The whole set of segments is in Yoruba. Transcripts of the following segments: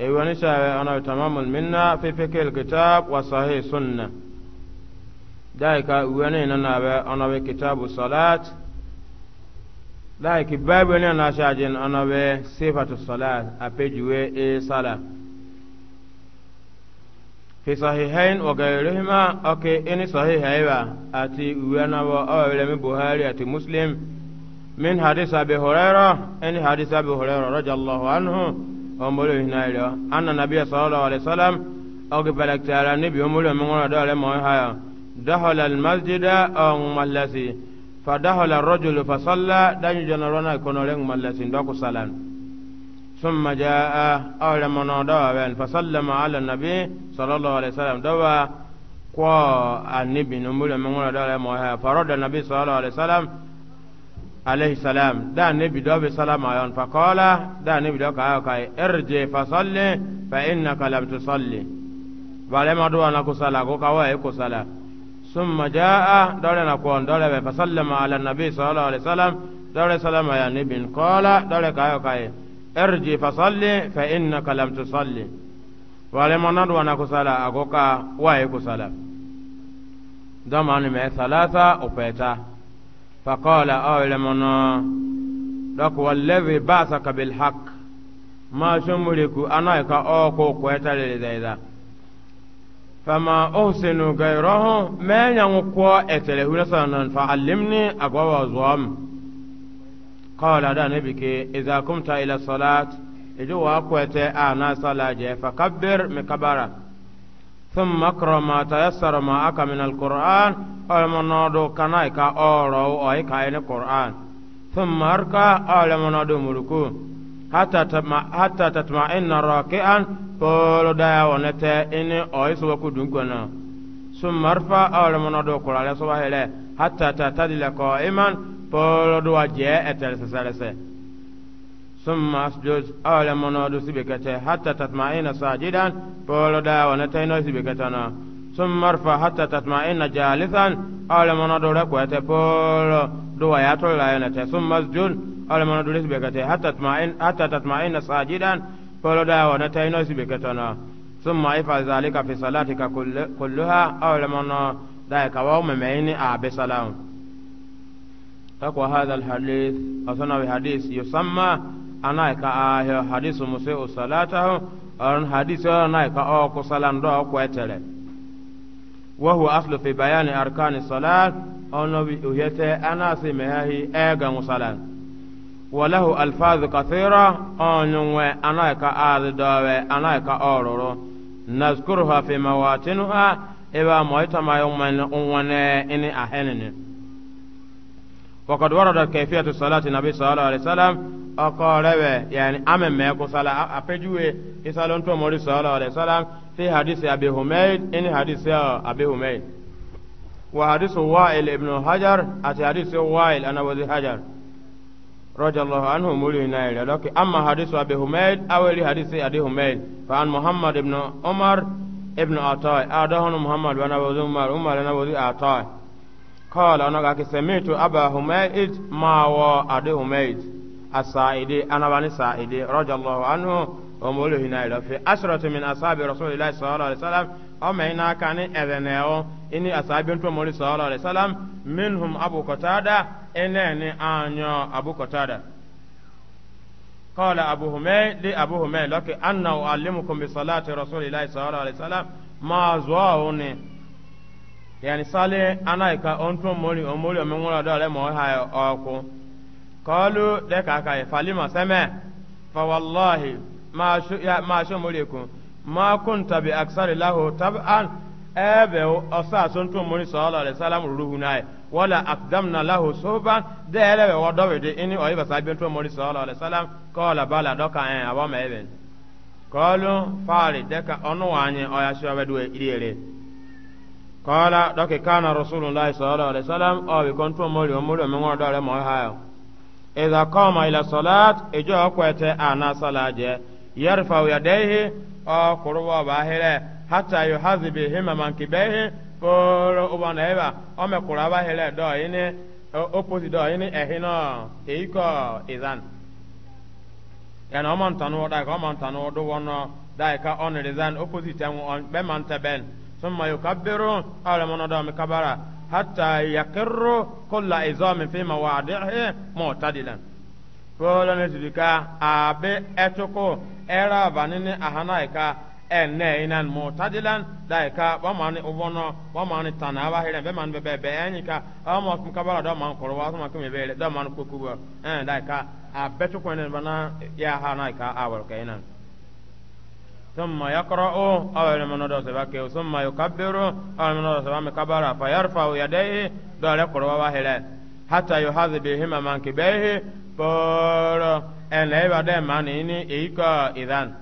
ايوانيشا انا تمام منا في فكر الكتاب وصحيح سنه ذلك وين انا انا في كتاب الصلاه دايك باب وين انا شاجن انا في صفه الصلاه ابيجوي اي صلاه في صحيحين وغيرهما اوكي اني صحيح أيوة اتي وين انا بوهاري اتي مسلم من حديث ابي هريره اني حديث ابي هريره رضي الله عنه omolo hinairo anna nabiyya sallallahu alaihi wasallam ogi balaktara nabi omolo mongona dole mo haya dakhala al masjida on mallasi fa dakhala ar-rajulu fa salla dan janarona kono len mallasi ndoko salan ثم جاء أول من دوا فسلم على النبي صلى الله عليه وسلم دوا قوى النبي نمول من دوا فرد النبي صلى الله عليه وسلم alayhi salam da nabi do be salama yon fa qala da nabi do ka ka irji fa salli fa innaka lam tusalli bale ma do na kusala go ka wa e kusala summa jaa dole na ko dole be fa sallama ala nabi sallallahu alaihi wasallam dole salama ya nabi qala dole ka ka irji fa salli fa innaka lam tusalli bale ma na do na kusala go ka wa e kusala dama ni me salasa upeta فقال أول منا لك والذي بعثك بالحق ما شمرك أنا كأوكو كويتا لذيذا فما أحسن غيره ما ينقوى أتله نسانا فعلمني أقوى زوام قال دا نبيك إذا قمت إلى الصلاة إجوا أقوى أنا صلاة فكبر مكبرة ثم اقرأ ما تيسر معك من القرآن المنادو كنايكا أورو أيكا إن القرآن ثم اركع المنادو ملكو حتى تما حتى تطمئن راكعا بولو دايا ونتا إن سو كدنكنا ثم ارفع المنادو قرآن سواهلا حتى تعتدل قائما بولو دوا جاء تلسلسل ثم اسجد اول منود سبكته حتى تطمئن ساجدا بولو دا ونتين سبكتنا ثم ارفع حتى تطمئن جالسا اول منود ركوته بولو دو ياتو لا ثم اسجد اول منود سبكته حتى تطمئن حتى تطمئن ساجدا بولو دا ونتين سبكتنا ثم افعل ذلك في صلاتك كل كلها اول منود ذلك ممين ابي سلام تقوى هذا الحديث أصنع بحديث يسمى ana ka ahio hadisu musi usalatahu on hadisi ana ka o ku salan do ku etere wa huwa aslu fi bayani arkani salat ono bi uhete ana si mehahi ega musalan walahu alfaz kathira onwe ana ka adidowe ana ka ororo nazkuruha fi mawatinuha iba moita mayumman ini ahenene وقد وردت كيفية الصلاة النبي صلى الله عليه وسلم أقارب يعني أمن ميكو صلاة أفجوه إسالون توموري صلى الله عليه وسلم في حديث أبي هميد إن حديث أبي هميد وحديث وائل ابن حجر أتي حديث وائل أنا وزي حجر رضي الله عنه مولي نايل لكن أما حديث أبي حميد أولي حديث أبي هميد فعن محمد ابن عمر ابن عطاء أدهن محمد وأنا وزي عمر عمر أنا وزي عطاء قال أنا كي سمعت أبا هميد ما هو أدي هميد السائدي أنا بني سائدي رضي الله عنه أموله هنا في عشرة من أصحاب رسول الله صلى الله عليه وسلم أما هنا كان أذنه إني أصحاب أموله صلى الله عليه وسلم منهم أبو قتادة إنني أنا أبو قتادة قال أبو هميد لأبو هميد لك أنا أعلمكم بصلاة رسول الله صلى الله عليه وسلم ما زواني yani sale onto mori omori do mo ha oku de ka ka falima fa wallahi ma ya ma shu moriku ma kunta bi aksari lahu tab'an ebe osa mori sallallahu alaihi wasallam ruhu nai wala aqdamna lahu suban de ele we wodo we de ini oyi basa bi onto mori sallallahu alaihi wasallam qala bala doka en eh, awama eben qalu fari de ka onu wanye oya shu we kọ́lá dọ́kì kánà rasulillah sọ́lá alẹ́ sálám ọ̀bì kọ́ntú mọ́lì ọmọlì ọmọ dọ́rẹ́ mọ́ háyọ̀. ìdá kọ́ọ̀mà ilẹ̀ sọ́lát ìjọ ọ̀pẹ̀tẹ̀ àná sọ́lá ọba nàìbà ọmọkùrọ̀ abáhírẹ̀ dọ̀ọ́yìnì ọ̀pọ̀sì dọ̀ọ́yìnì ẹ̀hìn náà èyí kọ́ ìzán. yẹn ọmọ ntànú wọ́n dáìka ọmọ ثم يكبروا على من دام كبرا حتى يقر كل عظام في مواضعه معتدلا فولا نزلك أبي أتوكو إرى بنيني أهنايكا ene inan mutadilan daika wamani ubono wamani tanawa hele be man bebe be enyika amo mkabala do man korwa so makumi bele do man kukuba eh daika abetu kwene ya hanaika awal kainan ثم يقرأ أول من نرسبك ثم يكبر أول من نرسبك كبر فيرفع يديه دار قروا وهلا حتى يحاذ بهما كبيه بور أن لا يبعد من إني إيكا إذن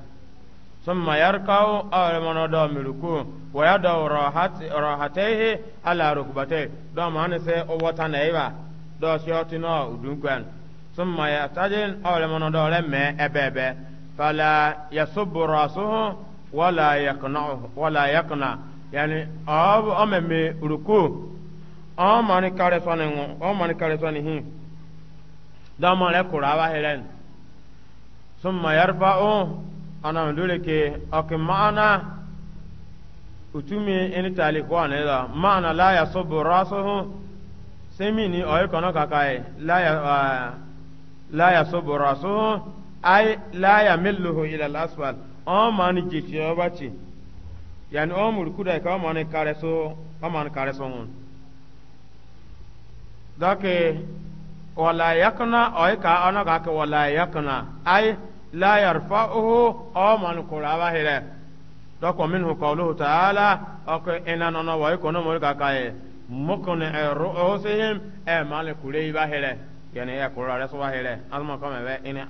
ثم يركع أول من نرسبك ويدعو راحته على ركبته دار من سي أوتان إيبا دار شيوتنا ودنكوان ثم يتجن أول من نرسبك أبابا fala yasubu rasuhu wala yaqna'uhu wala yaqna yani ab amame ruku amani kare sone ngo amani kare sone hi da mare ma helen summa yarfa'u ana ke ma'ana utumi eni tali ko ne da ma'ana la yasubu rasuhu semini oy kono kakai la ya soboro ay la yamilluhu ila al Aswal, o jiti o yani o kuda ka o kare so kare so ngun dake wala yakna ka ona ka ke wala yakna ay la yarfa'uhu o man kuraba dako minhu qawluhu ta'ala ọkụ ina nọ wa mur ka ru'usihim e yani ya azma kama ina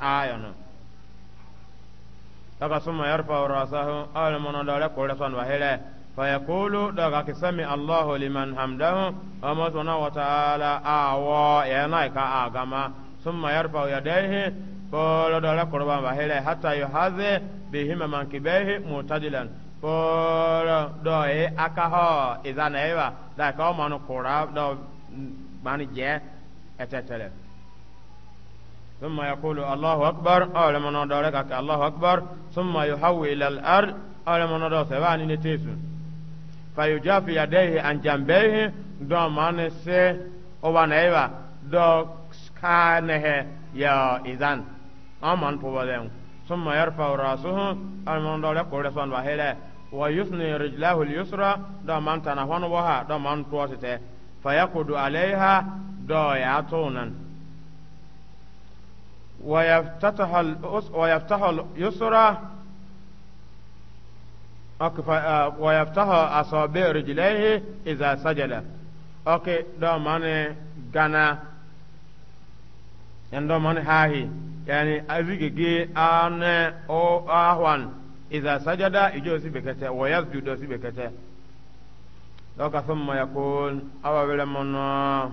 daga suma yarfa rasahu ala mono dole kore son wahele fayakulu daga kisami allahu liman hamdahu amma suna wa ta'ala awo yana ka agama suma yarfa yadaihi polo dole kore ban wahele hatta yuhaze bihima mankibehi mutadilan polo doye akaho izana ewa da ka manu kura do mani je etetele ثم يقول الله أكبر أول من أدركك الله أكبر ثم يحول إلى الأرض أول من ندرك سبعين نتيسون فيجاف يديه عن جنبه دو من سي أو نيبا دو سكانه يا إذن أمن بولهم ثم يرفع رأسه أول من ندرك رسول وحيله ويثني رجله اليسرى دو من تنهون وها دو من توسته فيقود عليها دو يعطونن ويفتح اليسرى ويفتح أصابع رجليه إذا سجد أوكي دو ماني غانا يعني دو ماني هاهي يعني أزيجي آن أو آهوان إذا سجد إجو سبكته ويسجد سبكته دوك ثم يقول أو بلمنا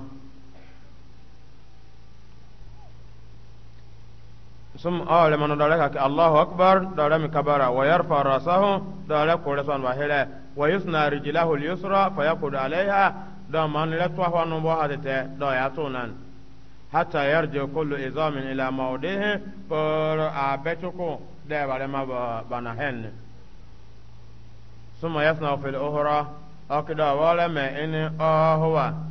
sum awle mano dole kake allahu akbar dole mi kabara wa yarfa rasahu dole kore son wahire wa yusna rijlahu lyusra fa yakudu alayha do man le to ho no bo hadete do ya tunan hatta yarji kullu izamin ila mawdihi por abetuko de bare ma bana hen summa yasna fil ukhra akida wala ma in ahwa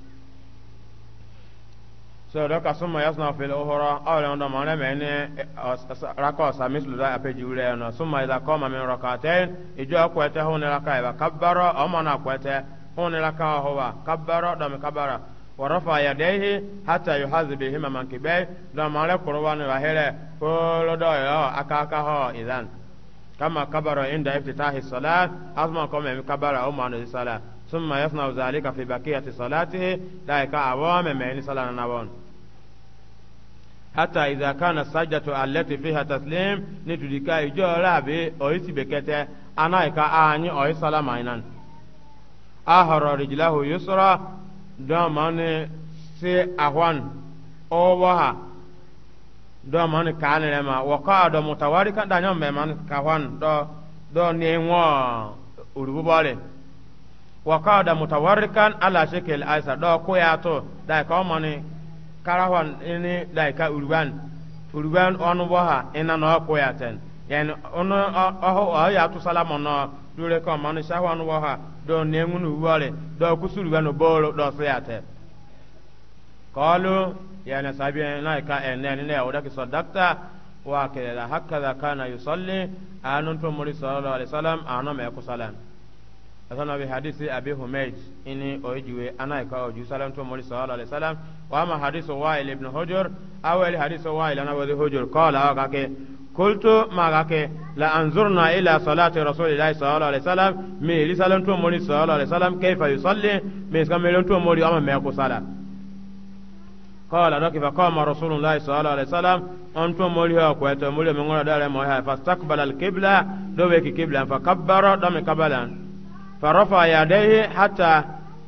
so do ka summa yasna fil ukhra aw la ndo mane mene rako sa mislu da ape jure no summa idha qama min rak'atayn ijo ko ta hon raka ba kabbara o mana ko ta hon raka ho ba kabbara do me kabbara wa rafa yadayhi hatta yuhadhi bihima mankibay do mane qur'an wa hele ko lo do yo oh, aka aka ho idan kama kabbara inda iftitahi salat azma ko me kabbara o oh, mana salat summa yasna zalika fi baqiyati salatihi da ka awame me hata idha kana sajdatu allati fiha taslim nitulika ijo rabe oisi bekete anaika anyi oi salama inan ahara rijlahu yusra domani si ahwan owaha domani kanirema waqada mutawarika danyo meman kahwan do do niwo urububale waqada mutawarikan ala shekil aisa do kuyato da ka omani karahon ini daika urban urban onu boha ina na ko yani onu oho o ya tu salamo no dure ko manu sha onu boha do nengu nu wore do kusuru ba no boro do so yate yani sabi na ka enen ne wa hakka kana yusalli anun to muri sallallahu alaihi wasallam anu me ku salam asana bi hadisi abi humayd ini ojiwe ana ka oju salam to mori sallallahu alaihi wasallam wa ma hadisu wa'il ibn hujur awal hadisu wa'il ana wa hujur qala wa kake kultu ma kake la anzurna ila salati rasulillahi sallallahu alaihi wasallam mi li salam to mori sallallahu alaihi wasallam kayfa yusalli mi ska mi to mori ama me ko sala qala raki fa qama rasulullahi sallallahu alaihi wasallam on to mori ha ko to mori mi ngora dare mo ha fastakbala alqibla do be farafa yadayhi hata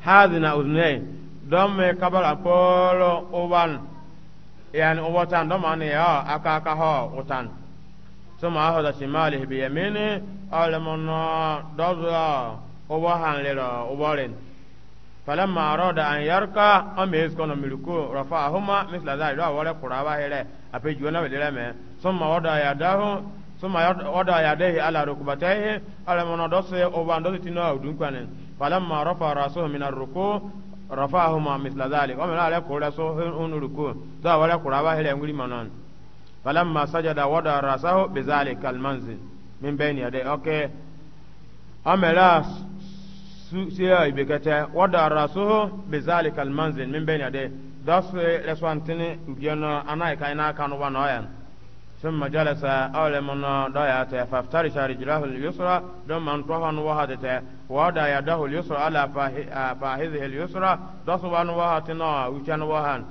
hadhina udhnay don me kabar apolo uban yani ubotan don mani ya aka aka ho utan suma ho da shimali bi yamini alamono dozo ubo hanlero uborin falamma arada an yarka amma yaskono rafa rafa'ahuma misla zai da wala quraba hele ape juwana bedere me summa wada yadahu ثم وضع يديه على ركبتيه على منادس وباندس تنا ودنكن فلما رفع راسه من الركوع رفعهما مثل ذلك ومن على كرسه ان ركوع ذا ولا كرابه لانغري منان فلما سجد وضع راسه بذلك المنزل من بين يديه اوكي املا سيا يبكتا وضع راسه بذلك المنزل من بين يديه داس لسوانتني بيانا انا كاينا كانوا بنايان ثم جلس أول من ضيعته فافترش رجله اليسرى ثم انطهن وهدته ووضع يده اليسرى على فاهذه اليسرى دصبا وهتنا وشان وهن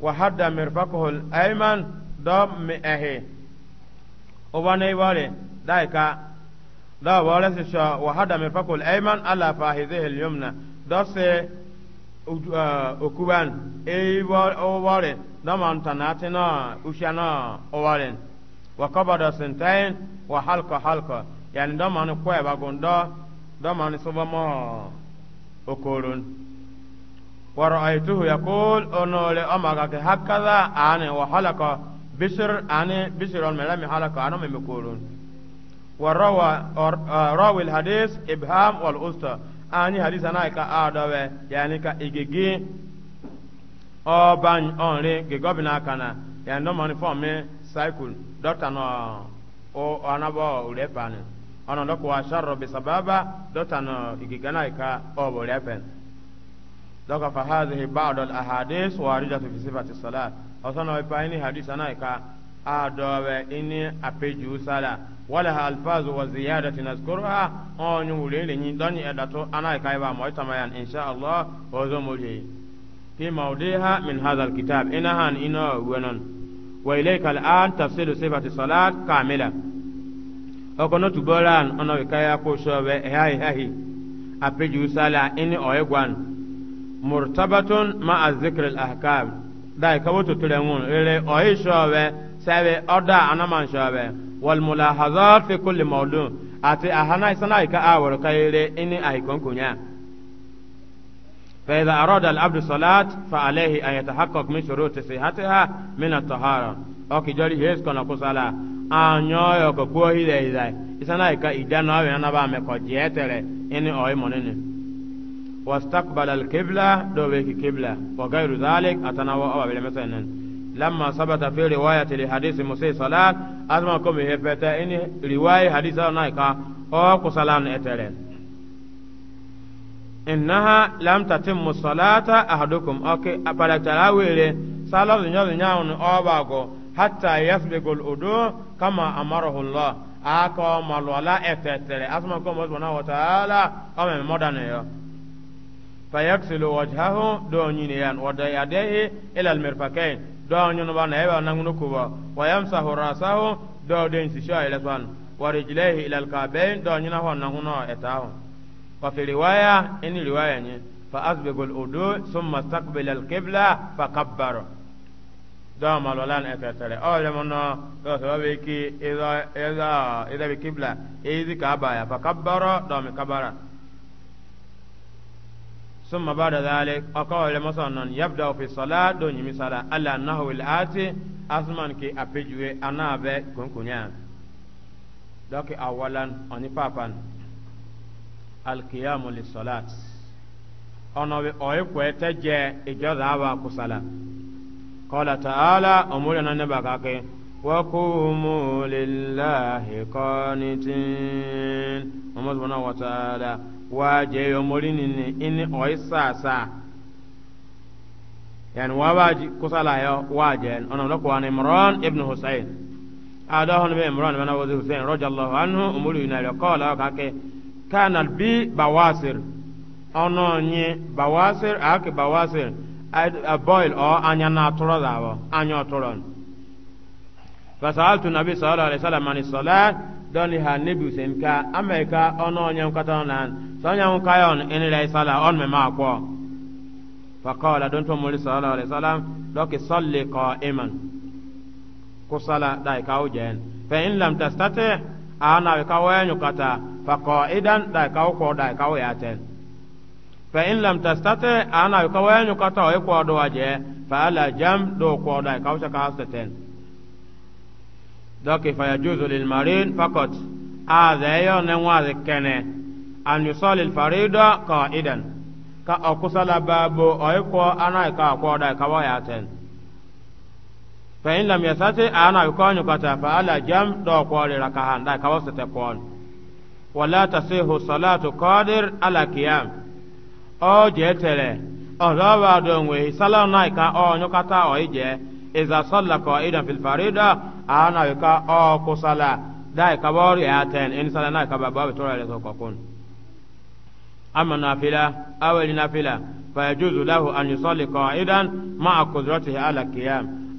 وحد مرفقه الأيمن دم مئه وبني والي دايكا دا ورث وحد مرفقه الأيمن على فاهذه اليمنى دص أكوان أي والي دمان تناتنا وشنا أولين وقبض سنتين وحلقة حلقة يعني دمان كوي بغندا دمان سبما أكولون ورأيته يقول أنه لأمك هكذا أنا وحلقة بشر أنا بشر الملامي حلقة أنا ممكولون وروى راوي الحديث إبهام والأسطى أني حديث أنا كأعدوى يعني كإجيجي ọban ọnri gị gọbina akana ya ndo mọni fọ mi saikul dọkta nọ ọ ọnabọ ure pani ọnà ndọkọ wa sharro bi sababa dọkta nọ na ika ọ oh, bụ pen dọkọ fa hadhihi ba'd al ahadith waridatu fi sifati ọsọ na ipa ini hadith ana ika adọwe ini apeju sala wala ha alfazu wa ziyadati ha onyu ule ni ndonyi edatu ana ika iba moitamayan insha Allah ozo mulihi fi mawdiha min hadha alkitab inahan ino wenon wa ilayka al'an tafsilu sifati salat kamila okono tubolan ono kaya ko shobe hayi hayi apeju sala ini oyegwan murtabatun ma azzikr alahkam dai kawoto tulengun ele oyi shobe sabe oda anaman shobe wal mulahazat fi kulli mawdu ati ahana isana ka awor kayire ini ahikon kunya فإذا أراد العبد صلاة فعليه أن يتحقق من شروط صحتها من الطهارة أوكي جوري هيس كنا كسالا أنيو يوكو كوهي دي دي إسانا إكا إدانا وينا بامكو جيتر إني أوي منيني واستقبل القبلة دوبيك قبلة وغير ذلك أتنوى أبا بالمسنن لما ثبت في رواية لحديث موسى صلاة أزمكم هفتا إني رواية حديث نايكا أو كسلان إترين innaha lam tatimmu salata ahadukum oke apara tarawele salatu nyawu nyawu obago hatta yasbiqu al-udu kama amarahu Allah aka malwala efetere asma ko mo subhanahu wa ta'ala ame modane yo fayaksilu wajhahu do nyine yan wada yadehi ila al-mirfaqain do nyunu bana eba nangunu kuba wayamsahu rasahu do den sisha ila swan warijlaihi ila al-kabain do nyina ho nanguno etahu ففي رواية إن رواية يعني فأسبق الأدو ثم استقبل القبلة فكبر دوام الولان أتتري أو منا دوام بكي إذا إذا إذا بكبلة إذا كعبايا فكبر دام كبر ثم بعد ذلك أقول مثلا يبدأ في الصلاة دون مثلا ألا نحو الآتي أسمان كي أبجوي أنا بكون كنيان دوكي أولا أني بابان alkiyamu lisolat ono bi oyi kwe ta je ijo da awa kusala kola ta'ala umuri na neba kake wa kumu lillahi qanitin umar subhanahu wa ta'ala wa je umuri ni ini oyi sasa yani wa ba kusala yo wa je ono lo kwa imran ibn husayn adahon be imran bana wa husayn radiyallahu anhu umuri na qala kake kanat bi bawasir ono nye bawasir ake bawasir a boil or anya na atoro da bo anya otoro fasaltu nabi sallallahu alaihi wasallam an salat doni ha nebi sen ka ameka ono nye nkata na so nya nka yon in la sala on me ma ko faqala don to muri sallallahu alaihi wasallam doki salli qa'iman kusala dai ka ujen fa in lam tastati ana ka wayanyu kata fa qaidan da ka ko da ka wayate fa in lam tastati ana ka wayanyu kata o ko do waje fa ala jam do ko da ka ka hasaten doki fa yajuzu lil marid faqat a da yo ne wa de kene an yusali al farida qaidan ka akusala babu o ko ana ka ko da ka wayaten fɛn lam ya sase ana bi kɔɔni kɔta fa ala jam dɔɔ kɔɔri ra ka han da ka wasa ta kɔɔni wala ta se ho salatu kɔɔdir ala kiyam o je tere o zɔɔ baa don we salam na ka o nyu ka ta o yi je iza salla ko idan fil farida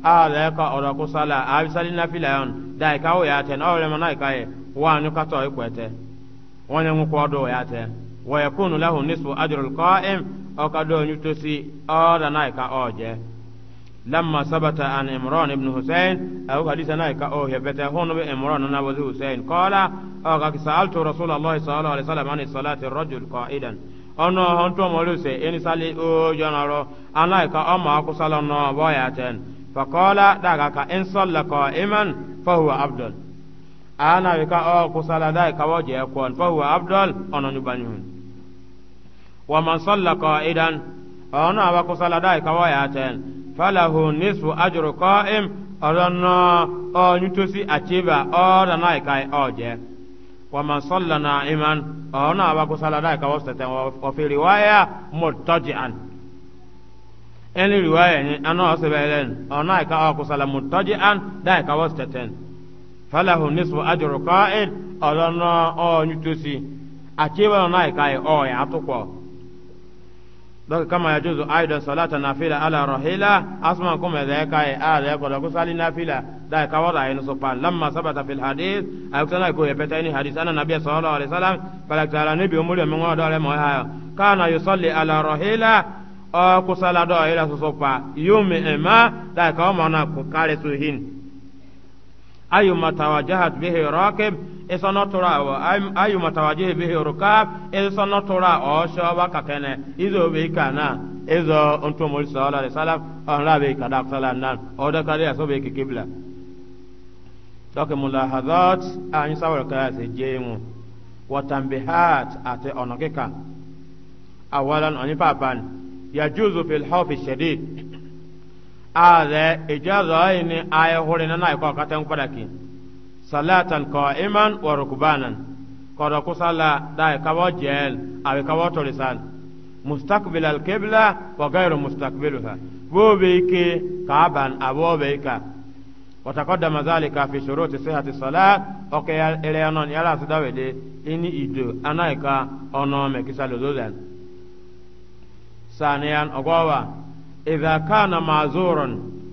ala ka ora ko sala abi sali na filayon dai ka o ya ten o le mana ka ye wa nu ka to ikwete wonya ngu ko do ya te wa yakunu lahu nisfu ajrul qa'im o ka do nyu to si o da na ka o je lamma sabata an imran ibn husayn aw hadisa na ka o he bete hono be imran na wazi husayn qala o ka sa'altu rasulullah sallallahu alaihi wasallam an salati ar-rajul qa'idan ono hon to mo lu se eni sali o jonaro anai ka o ma akusala no bo ya ten fakola daga ka in salla qa'iman fa huwa afdal ana wika o kusala dai ka waje kon fa huwa afdal ononu banyun wa man salla qa'idan ona wa kusala dai ka waya ten falahu nisfu ajru qa'im ọlọ́nà ọ̀nyútósí àtìbà ọ̀rọ̀ náà ìka ọ̀jẹ́ wàmà sọ́lá náà ìmán ọ̀rọ̀ náà wà kó sáládà ìka wọ́n sẹ̀tẹ̀ ọ̀fẹ́rẹ̀ wáyà mọ̀tọ́jì àn ɛni riwaya ni ana ɔsɛbɛlɛn ɔna ka ɔkusala mutɔji an da ka wɔsitɛtɛn falahu nisfu ajuru kɔɔin ɔlɔnɔ ɔnyutosi akeba ɔna ka yi e ɔyɛ e atukɔ dɔki kama ya juzu aidan salata nafila ala rahila asman kuma da e ya kai a da ya kusali nafila da ya kawar da yin sufa lamma sabata fil hadis a yi ko ya feta ni hadis ana nabiya sallallahu alaihi wasallam falaktara ne bi umuri min wa dole mu haya kana yusalli ala rahila kusala do ila pa yumi ema da ka ma na ku kare su Ayo ayu matawajahat bihi raqib isana tura wa ayu matawajih bihi rukab isana tura o shoba kakene izo be kana izo onto mul sallallahu alaihi wasallam an rabe kada sala nan o da kare so be kibla doke mulahadat an sawar kaya se jemu watambihat ati onokeka awalan oni papan yajuzu fil hawfi shadid aadhe ijaza ini aya hore na nay ko katan fadaki salatan qa'iman wa rukbanan kodo ku sala dai kawo jel awe kawo torisan mustaqbil al qibla wa ghayru mustaqbilha bo be ke kaban abo be ka وتقدم ذلك في شروط صحة الصلاة أوكي إلى أن يلا سدوي إني إدو أنا إكا أنا مكسل ذولن saniyan ogowa idha kana mazurun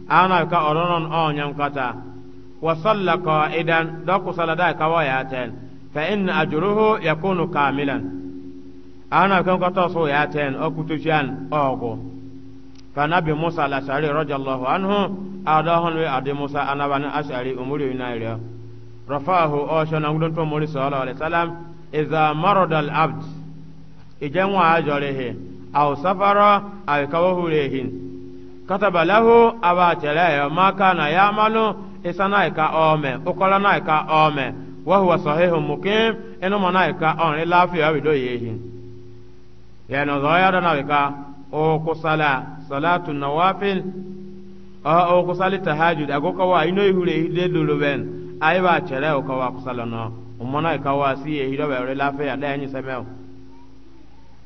ana ka oronon onyan kata wa salla qa'idan da ku salada ka wayaten fa in ajruhu yakunu kamilan ana kan kata so yaten okutushan ogo kanabi musa al-ashari radiyallahu anhu adahon we adi musa anabani ashari umuri inaira rafahu oshana ngudon to muri sallallahu alaihi wasallam idha marada al-abd ijan wa aw safara aw kawahu rehin kataba lahu aba chelaya ya kana yamalu isana ka ome ukola na ka ome wa huwa sahihun mukim eno mana ka on lafi awi do ya no zoya na ka o kusala salatu kusali wa ino ihure ka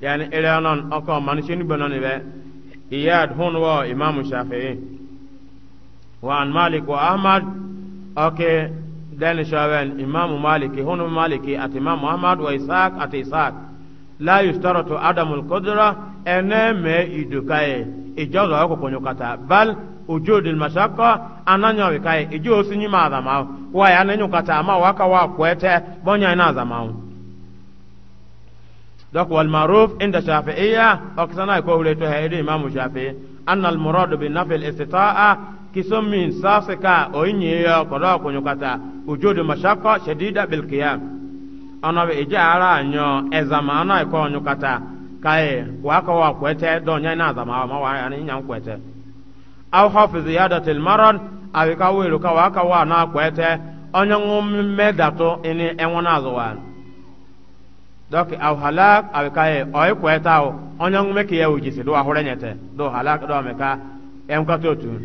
yani ila oko man shin be iyad hun wo imam shafi'i wa an malik wa ahmad oke dan shawen imam malik hun maliki at imam ahmad wa isaq at isaq la yustaratu adamu alqudra ene me idukaye ijozo ko kata bal ujudil mashaqqa ananya wikaye ijo osinyi ma adama wa ya kata ma waka wa kwete bonya ina adama دوك والمعروف عند الشافعية أكسنا يقول لتو هيدي إمام الشافعي أن المراد بنفي الاستطاعة كسم من ساسكا أويني قضاء كنوكتا وجود مشقة شديدة بالقيام أنا بإجاء على أنه أزمانا يقول نوكتا كاي واكا واكوتا دونيا نازم ما واني نعم كوتا أو خوف زيادة المرض أو كاويلو كواكا وانا كوتا أنه مدتو إني أمونا زوان donc aw halak aw ka ye o ye koy taw onyo ngume ke yew jisi do ahore nyete do halak do me ka em ka to tun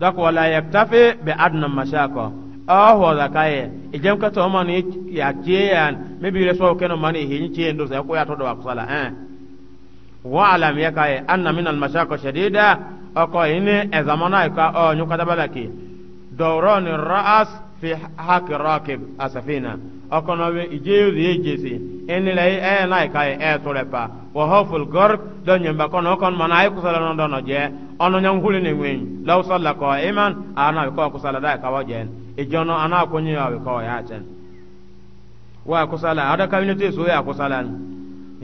donc wala yaktafi bi adna mashako aw oh, wala ka ye ijem ka to man ya tiyan me bi reso ke no man hin tiyan do sa ko ya to do akusala eh wa alam ya ka ye anna min al mashako shadida o ko ine e zamana ka o oh, nyuka dabalaki dawran ras fi haki rakib asafina ɔkɔnɔ bi ijeyozi ye jesi enila yi e ɛyɛ n'a yi ka yi ɛyɛ e pa wa hɔful gɔr dɔ nyɛnba kɔnɔ ɔkɔnɔ ma n'a ye kusala nɔ dɔnɔ jɛ ɔnɔ nyɛ nkuli ni ŋwɛn lawusa la kɔ iman a n'a kusala da yi ka wa jɛn ijɔnɔ a n'a ko nyi y'a cɛn wa kusala a da kabini te so ya kusala ni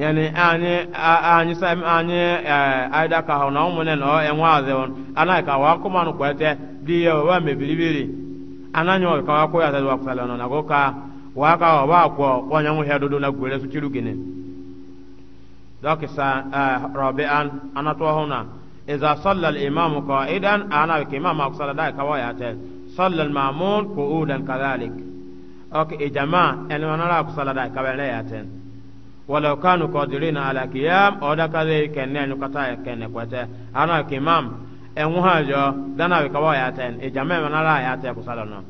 yani ani ani sam ani e, aida ka hɔ na ɔmu ne na ɔ ɛŋwa a zɛwɔn a n'a yi ka wa kuma ni kɔɛtɛ di yɛ biribiri ananyo kawa ko ya tadwa kusalano na goka waka wa ba ko wanya mu hedo do na gure su ciru gine dak sa eh, rabi'an ana to hona idza salla al imam qa'idan ana ke imam ko sala da kawa ya ta salla al ma'mum qu'udan kadhalik ok e ijama en wana ra ko sala da kawa ya ta walau kanu qadirina ala qiyam o da kale kenne no kata kenne ko ta ana ke imam enwuha jo dana bi kawa ya ten e jama ma nara ya ta kusala no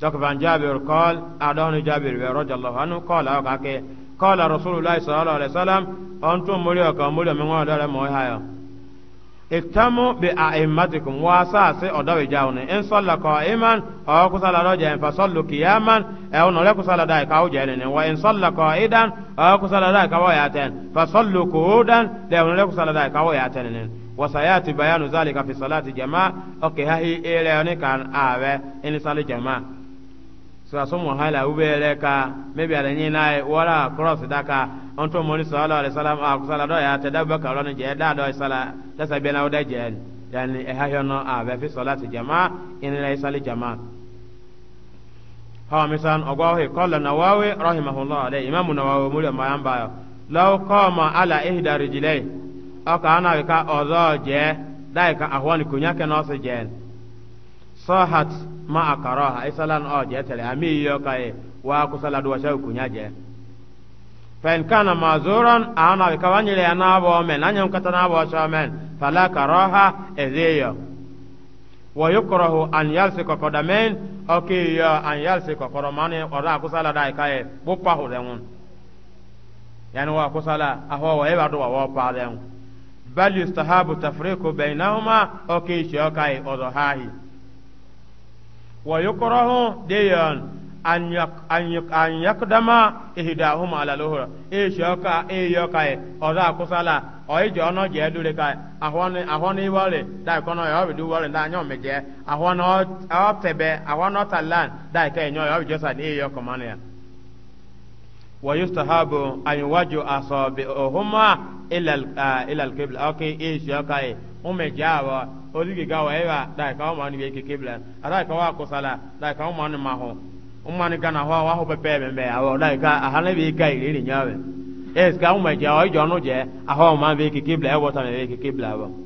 dok ban jabir qal adon jabir wa radiyallahu anhu qala ka ke qala rasulullah sallallahu alaihi wasallam antum muri ka muri mi ngwa dara mo ha yo itamu bi a'immatikum wa sa'si odawi jawne in salla qa'iman aw kusala raja fa sallu qiyaman aw nore kusala dai ka o jene wa in salla qa'idan aw kusala dai ka wa ya ten fa sallu qu'udan da nore kusala dai ka wa ya ten wasayati bayanu zalika fi salati jamaa oke hahi eleyoni kan awe ini sali jamaa so so mo hala ubele ka mebi ala nyi nai wala cross daka onto mo ni sallallahu alaihi wasallam a sala do ya te dabba ka ron je da do sala ta sabe na oda je yani e hahi no awe fi salati jamaa ini lai sali jamaa hamisan ogwawe qala nawawi rahimahullah alaihi imamu nawawi mulya mayamba law qama ala ihda rijlaihi ọka ana ka ọzọ jee dai e, ka ahwani kunya ke no se jeen sahat ma akaraha isalan o jee tele ami yo kai wa kusala duwa shau kunya jee fa in kana mazuran ana ka wanyile ana bo men anya kata na bo sha men fala karaha ezeyo wa yukrahu an yalsika qadamain okay ya an yalsika qaramani ora kusala dai e, kai bu pa hu yani wa kusala ahwa wa eba do wa pa lenun bal yustahabu tafriqu bainahuma oke ishe okai odo hahi wa yukrahu dayan an yak an yak an yakdama ala ishe oka e yokai odo akusala oije ono je dure kai ahwani ahwani wale da kono yo bi du wale da nyo meje ahwano apebe ahwano talan da kai nyo yo ويستحب أن يوجه أصابعهما إلى إلى القبلة أوكي إيش يوكاي أم جاوا أزيك جاوا إيوا دايكا وما نبيك قبلة دايكا واكوسالا دايكا وما نماهو وما نكنا هو وهو ببيب بيا أو دايكا أهلا بيكا يلي نياوي إيش كا أم جاوا يجانو جه أهو ما بيك قبلة أو تام بيك قبلة أو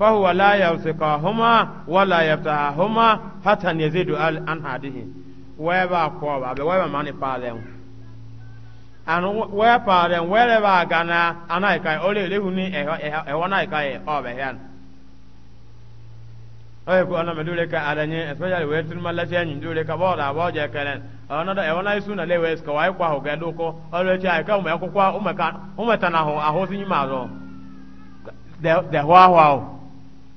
فهو لا يوثقهما ولا يفتحهما حتى يزيد عن هذه ويبا ويبا ماني an wee paaren were ba gana anaikai ole elehu ni eho naikai obe hen oye ku ona medure ka adanye especially we tun malati anyi ndure ka boda boje kelen ona da eho naisu na lewe ska wai kwa ho gedo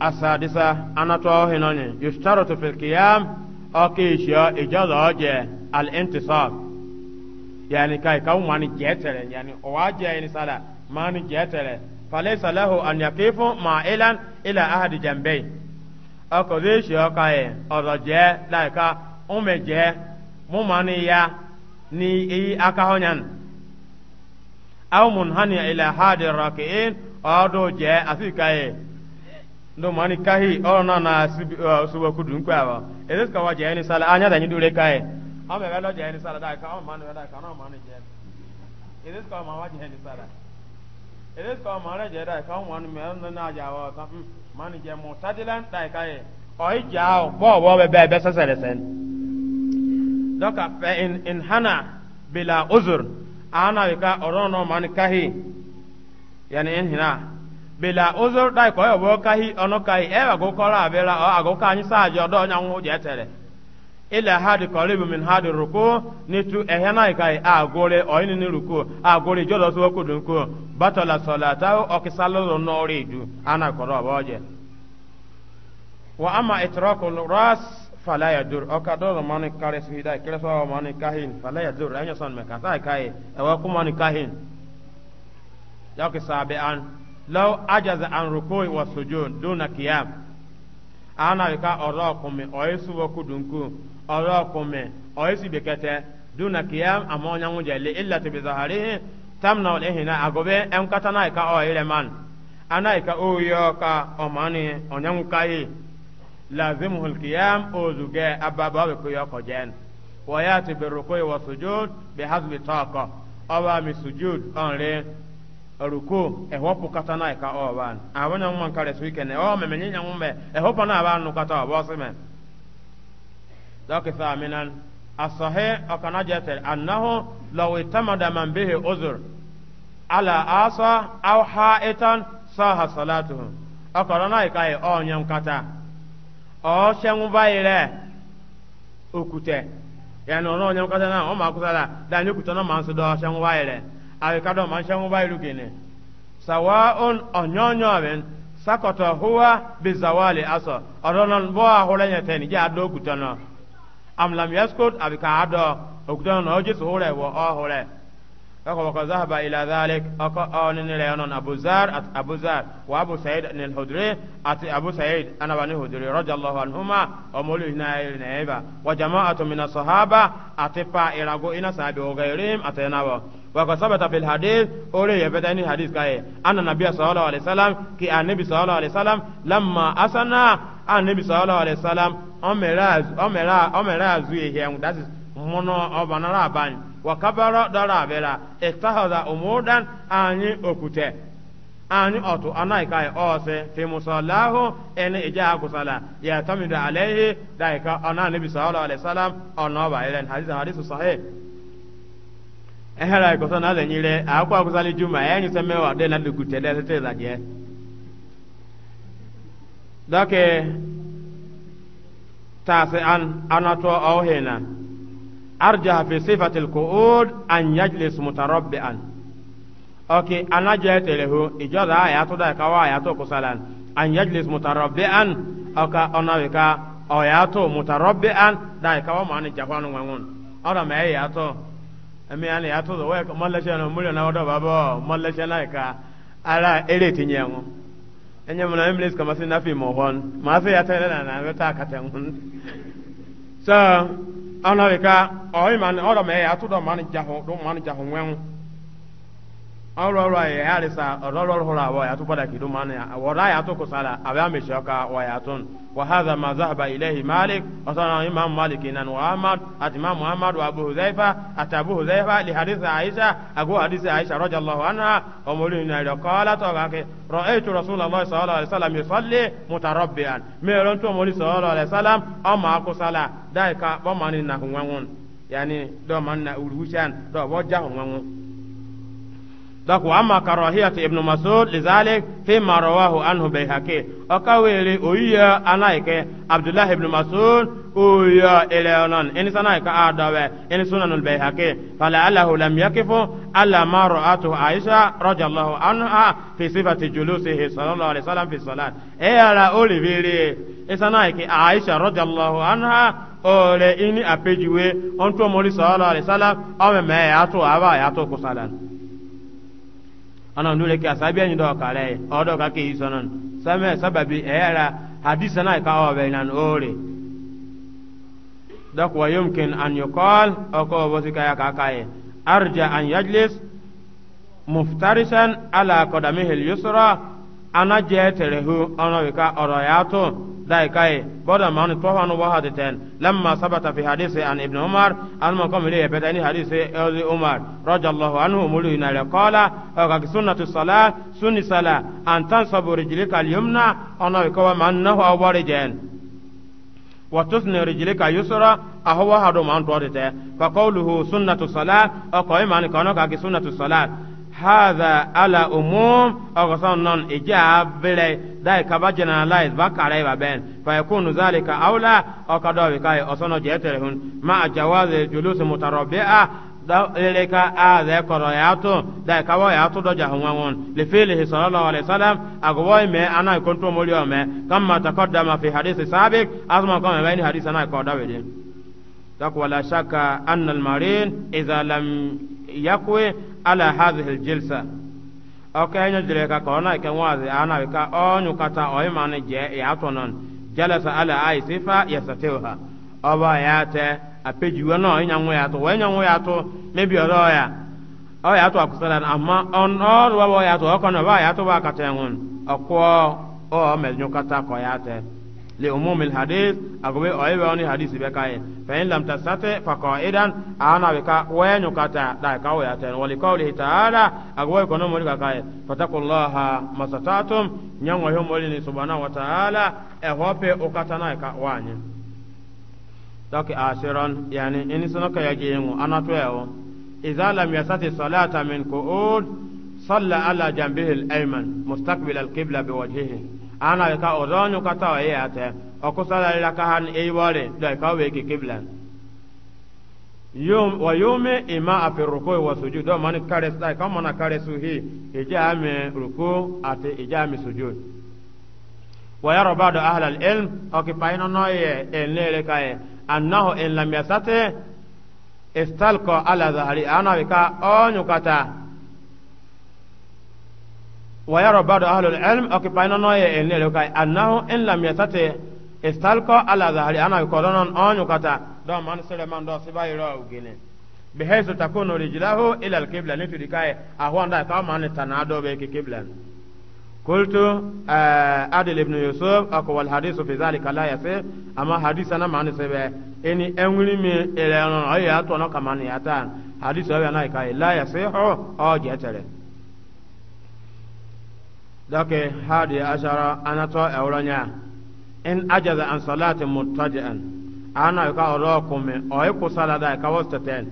asadisa anatɔ hinɔni yushtarotu fi lkiyam ɔkiishiɔ ijɔzɔ ɔjɛ alintisab yani kai kaw mani jɛtɛlɛ yani ɔwaa jɛ ni sada mani jɛtɛlɛ falaisa lahu an yakifu ma'ilan ila ahadi jambai ɔkɔziishiɔ kai ɔzɔ jɛ laika ume jɛ mu mani ya ni iyi aka hɔnyan aw munhani ila hadi raki'in ɔdo jɛ asi kai ndo mani kahi nọ oh, na suba oh, kudu nkwa ba edes ka waje ni sala anya da nyidure kai ame ga loje ni sala da ka o oh, manu da ka no manu je edes ka ma waje ni sala edes ma da ka na ja wa ka hmm, da o in in hana bila ana ka kahi in hina bila ụzọ dai ka ọ bụ kahi ọnụ kahi e wa go kọrọ abela ọ ka anyị saa ajọ dọ nya etere. je tere ila hadi qaribu min hadi ruku nitu ehena kai agore oyini ni ruku agore jodo so ko dun ko batala salata o kisalo no redu ana koro boje wa ama itraku ras fala yadur o ka do man kare si dai kire so man kahin fala yadur son me ka sai kai e wa kuma ni kahin an law ajaza an rukui wa sujud duna qiyam ana ka oro kumi oisu wo kudunku oro kumi oisu bekete duna qiyam amonya ngunje li illa bi zaharihi tamna wal ihna agobe en na ka o ile man ana ka o yo ka o mani onyangu kai lazimuhu alqiyam o zuge ababa ko yo ko jen wa yati bi rukui wa sujud bi hazbi taqa awa mi sujud onre ruko ehopu kata na ka o ban abanya mwa nkare su ikene o me menye nya mwe ehopa na ba nu kata o bosi me doki sa minan asahe akana jete annahu law itamada man bihi uzur ala asa aw haitan saha salatu ọkọrọ na ka e o nya nkata o shenwu bayire okute ya na no nya nkata na o ma kusala da nyokuta na mansu do shenwu bayire awi kado man shan mobile gene sawa'un onyonyo aben sakota huwa bi zawali aso odonon bo ahore nyeten ja do kutono am lam yaskut abi ka ado okutono no jisu hore wo ahore kako wako zahaba ila dhalik ako awnin ila yonon abu zar at abuzar zar wa abu sa'id an al-hudri at abu sa'id ana bani hudri radiyallahu anhuma wa mulu hina ila wa jama'atu min as-sahaba atifa irago ina sahabi wa ghayrihim ataynawa وقد ثبت في الحديث أولي يبتني الحديث كاي أن النبي صلى الله عليه وسلم كي النبي صلى الله عليه وسلم لما أسنا النبي صلى الله عليه وسلم أمراز أمراز أمراز يهيم that is mono obanara ban wakabara dara bela ittakhadha umudan ani okute ani otu anaika ya ose fi musallahu ene ija akusala ya tamidu alaihi daika ana nabi sallallahu alaihi wasallam ona ba ilen hadith hadith ehera ikosa na zenyire akwa kusali juma enyi eh, semewa de na dugute de tete za je dake tase an anato au hena arja fi sifati alqu'ud an yajlis mutarabbian okay anaje telehu ijoda ya to da kawa aya to kusalan an yajlis mutarabbian aka onawika oyato mutarabbian da kawa mani jafanu wangun ora me ya to ami ani ato do we mallesha no mulyo na odo babo mallesha na ka ala ere tinye mu enye mu na imlis kama sin na fi mo hon ma se ya tele na na ta ka tan hun so ana we ka o man odo me ato do man jaho do man jaho wen ọrọrọ ẹ ya risa ọrọrọ hụrụ awọ ya tụpada kidu mana ya wọra ya tụkụ sala abịa mechi ọka wa ya wa hadha ma zahaba ilahi malik ọsọrọ imam malik nan wa ahmad at imam muhammad wa abu huzaifa at abu huzaifa li hadisa aisha agu hadisa aisha allahu anha ọmọlú ní ẹrọ kọlá tó ga kí rọ̀ẹ́tù rasulullah sallallahu alaihi wasallam yusalli mutarabbian mẹ́rin tó ọmọlú sallallahu alaihi wasallam ọmọ daika dáìka bọ́mọ ni nahunwanwun yani dọ́ọ̀mọ na uruhushan dọ́ọ̀bọ́ jahunwanwun dako amma karahiyat ibnu masud lidhalik fima rawahu anhu bayhaqi okawele oyiya anaike abdullah ibnu masud oyiya eleonon eni sanaika adawe eni sunanul bayhaqi allahu lam yakifu alla ma ra'atuhu aisha radiyallahu anha fi sifati julusihi sallallahu alaihi wasallam fi salat e eyala olivili sanaike aisha radiyallahu anha ole ini apejiwe onto omori sallallahu alaihi wasallam ome me yato aba yato kusalan ana nule ke asabi anyi do kale o do ka ke isonon same sababi era hadisa na ka o bainan ore dak wa yumkin an yuqal o ko bo sika ya ka kae arja an yajlis muftarisan ala qadamihi al-yusra ana je terehu ono ka oro ya dai kai boda ma ni tofa no wa ten lamma sabata fi hadisi an ibn umar al ma kom ile beta ni hadisi ali umar radiyallahu anhu mulu ina la qala ka sunnatu salat sunni sala an tansabu rijlika al yumna ona ko ma annahu awarijan wa tusni rijlika yusra ahwa hado man to de fa qawluhu sunnatu salat o ko ma ni kono ka sunnatu salat Haza ala umum ogoson non ija bile dai kaba generalize bakare ba ben fa yakunu zalika aula o kado bi kai osono jetere hun ma jawazi julus mutarabbi'a da ileka a zai koro ya to da kawo ya to doja hun won li fili sallallahu alaihi wasallam agwo me ana kontu mori o me kama taqaddama fi hadisi sabiq azma kama bayni hadisi ana ko dawede tak wala shakka anna al marid idza lam yakwe ala Jilsa, aljilsa okenya dire ka kona ke nwazi ana ka onyu kata oimane je ya tonon jalasa ala ọ na oba yate ya no nyanwe ato wenyanwe ọ mebi ọ ya ato akusala na on oru wa ya ato okono ba ya ato ba kata ọ kata لعموم الحديث أقوي أيوة أني حديث بكاي إيه. فإن لم تستطع فقائدا أنا بكا وين يكتا لا كاو يتن ولقوله تعالى أقوي كنوم كاي إيه. فتقوا الله ما استطعتم نعم وهم ولين سبحانه وتعالى أهوبي أكتنا كواني دوك آشرا يعني إن سنك يجيهم أنا تويه إذا لم يستطع صلاة من قعود صلى على جنبه الأيمن مستقبل القبلة بوجهه ana ka ozonyu kata wa yate okusala ila kahan eibole da ka we ki kiblan yom wa yome ima apiruko wa sujud man kare sai ka mana kare suhi ijame ruku ate ijame sujud wa yara ba'du ahla al-ilm okipaino noye enlele kae annahu in lam yasate istalqa ala dhahri ana ka onyukata ويرى بعض أهل العلم أكبرنا نوية إن لكي أنه إن لم يستطع استلقى على ظهر أنا يقولون أن يكتا دوم أن سلمان دو سباي رو جيني بحيث تكون رجله إلى القبلة نتو دكاي أهوان دا كما أن تنادو بك قبلة قلت عادل ابن يوسف أكو الحديث في ذلك لا يصير أما حديثنا ما نسبة إني أمري من إلى أن أيها تونو كمان يتان حديث أبي أنا لا يصيح أو جتره dake hadi ashara ana to ewronya in ajaza an salati muttaji'an ana ka oro kume o ku salada ka wastaten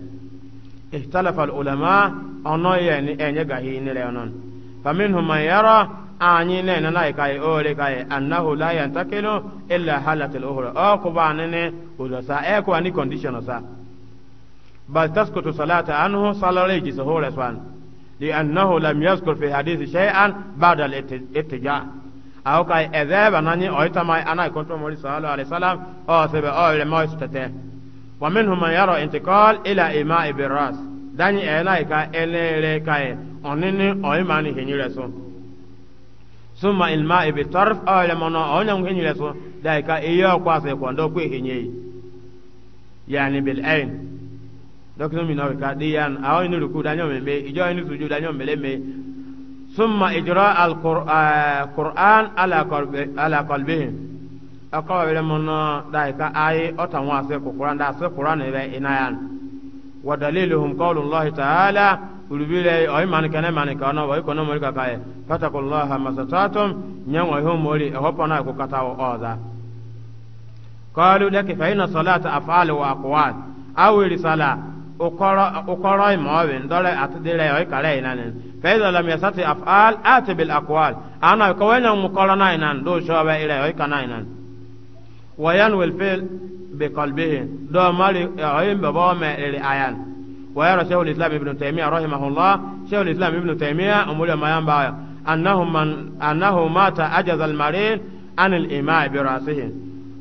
ihtalafa al ulama ono yani enye gahi ni leonon faminhum man yara anyi ne na lai kai ore kai annahu la yantakilu illa halat al ukhra o ku banene udosa e ku ani condition sa bal taskutu salata anhu salare ji sahore swan لأنه لم يذكر في الحديث شيئا بعد الاتجاه أو كاي أذاب أنني أويت ما أنا كنت مولى صلى الله عليه وسلم أو سبع أو لما يستطيع ومنهم من يرى انتقال إلى إماء بالرأس داني أنا كا إلى كاي أنني أوي ماني هني رسول ثم الماء بالطرف أو لما أنا أوي هني رسول دايكا إياه قاسي كوندو كوي هني يعني بالعين dɔkita mi na ka di yan awo ni ruku da nyɔ mɛmɛ ijɔ ni suju da nyɔ mɛlɛ mɛ summa ijra al eh, qur'an ala qalbi ala qalbihi akaw wɛrɛ mɔnɔ da ka ayi ɔta ŋɔ ase ko qur'an da ase qur'an yɛrɛ ina yan wa daliluhum qawlu llahi ta'ala ulubile oyi mani kɛnɛ mani kɔnɔ oyi kɔnɔ mori ka kaye fatakullaha masatatum nyɛ ŋɔ ihu mori ɛhɔ pɔnɔ ko kata o ɔza qalu daki fa ina salata af'alu wa aqwal aw risala ukɔrɔ mɔɔbin dɔlɛ ati dilɛ o kala yi nani fɛyidɔ lam yasati afaal ati bil akwal ana ko wɛnyɛ mu kɔrɔ na yi nani do sɔɔbɛ ilɛ o kana yi nani wayan wilfil bi kalbihi do mali o yi bɛ bɔ mɛ ili ayan wayarɔ shehul islam ibn taymiya rahimahullah shehul islam ibn taymiya umuli mayan baya annahu man annahu mata ajazal marin anil ima bi rasihi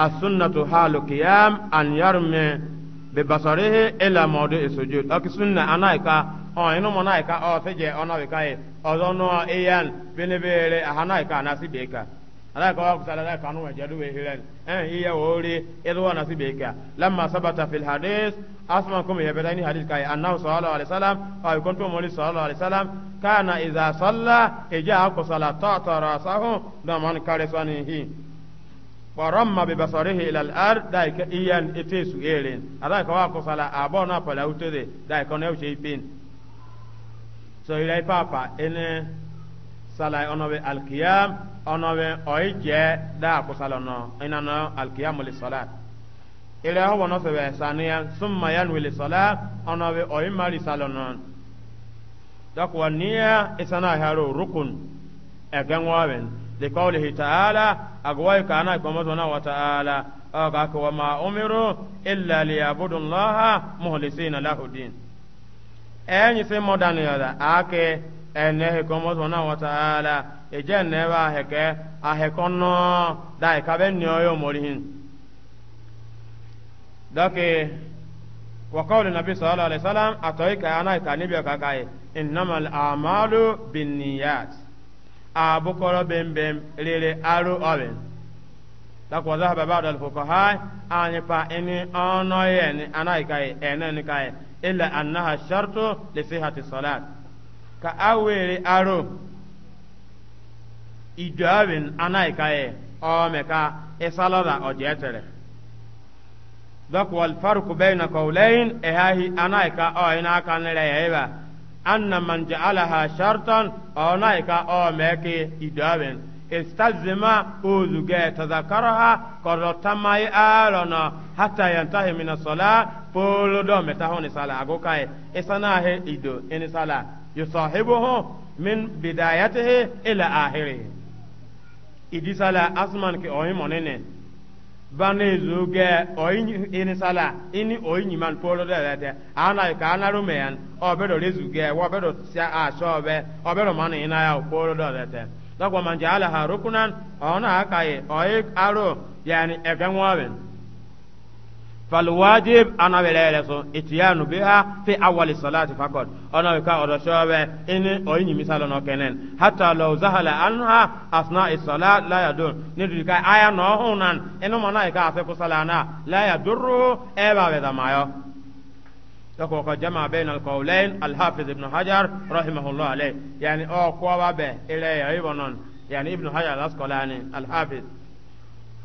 السنة حال قيام أن يرمي ببصره إلى موضع السجود أكي سنة أنايكا أو إنو منايكا أو سجي أو نويكا أو نو إيان بني بيلي أهنايكا ناسي بيكا alaika wa kusala alaika anu wajadu we hilan eh iya wori idu wa nasibika lamma sabata fil hadith asma kum ya badaini hadith kai annahu sallallahu alaihi wasallam aw kuntu muli sallallahu alaihi wasallam kana idha salla ija ku salata tarasahu da man kare sanihi waramma bi basarihi ila al-ard dai ka iyan etesu eren ala ka wa ko sala abona pala utede dai ka ne uche ipin so ila papa ene salai onobe al-qiyam onobe oije da kusala sala no ina no al li salat ila ho wono se saniya summa yanwi li salat onobe oimari sala no dakwa niya isana haro rukun wen. لقوله تعالى أقوي كان يقومون وتعالى أقاك وما أمروا إلا ليعبدوا الله مخلصين له الدين أني سمو دانيالا أكي أنه يقومون وتعالى إجن نبا هكي أهكونا دايكا بنيو يومورهين دوكي وقول النبي صلى الله عليه وسلم أتوي كان يقومون وتعالى إنما الأعمال بالنيات abukɔrɔ bɛnbɛn rere aro ɔbɛn dako zahaba ba'da al-fuqaha ani pa ini ono yeni anai kai eneni kai illa annaha shartu li sihhati salat ka awere aro idawin anai kai o meka esalada ojetere dako wal farqu bayna qawlayn ehahi anai ka o ina kanere yeba anna man ja'alaha shartan ona ka o meke idaben istazima uzuge tazakaraha kodo tamai alona hata yantahi min sala polo do meta honi sala agokai isana he ido in sala yusahibuhu min bidayatihi ila ahirihi idi sala asman ki ohi monene bane zuge oyin ini sala ini oyin man polo ana ka ana rume yan obedo le zuge si obedo sia a so be obedo man ina ya polo de de de dagwa man ala ha rukunan ona akai oyi aro yani egan wawen فالواجب أنا بلالسو اتيانو بها في أول الصلاة فقط أنا بكا أرشوه اني اني مثال نوكنن حتى لو زهل عنها أثناء الصلاة لا يدور ندري كا آية نوهونا إنو منا إكا أسيكو صلانا لا يدره إبا بذا مايو وقد جمع بين القولين الحافظ ابن حجر رحمه الله عليه يعني أو قوة به إليه يعني ابن حجر الأسقلاني الحافظ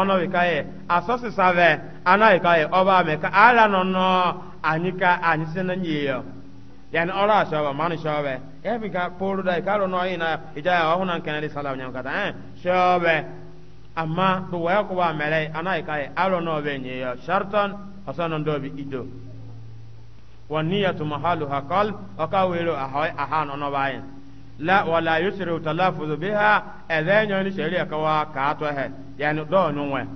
ọnọ wika yɛ asɔsi ana wika yɛ ọba mɛ ka ala nɔnɔ anyi ka anyi sɛnɛ nyi yɛ yanni ɔlɔ asɔbɛ mani sɔbɛ yɛbi ka pooro da yi ka lɔnɔ yi na ija yɛ ɔhunan kɛnɛ de salawu nyɛ kata ɛn eh, sɔbɛ ama do wɔyɛ ko ba ana wika yɛ alọ nɔ bɛ nyi sharton saritan ɔsɔnɔ dɔ bi ido wɔn niyatu mahalu hakɔl ɔka welo ahɔ aha nọ nọba anyị. la wala yusri talafuz biha edenyo ni sharia kawa kaato he yani do nyunwe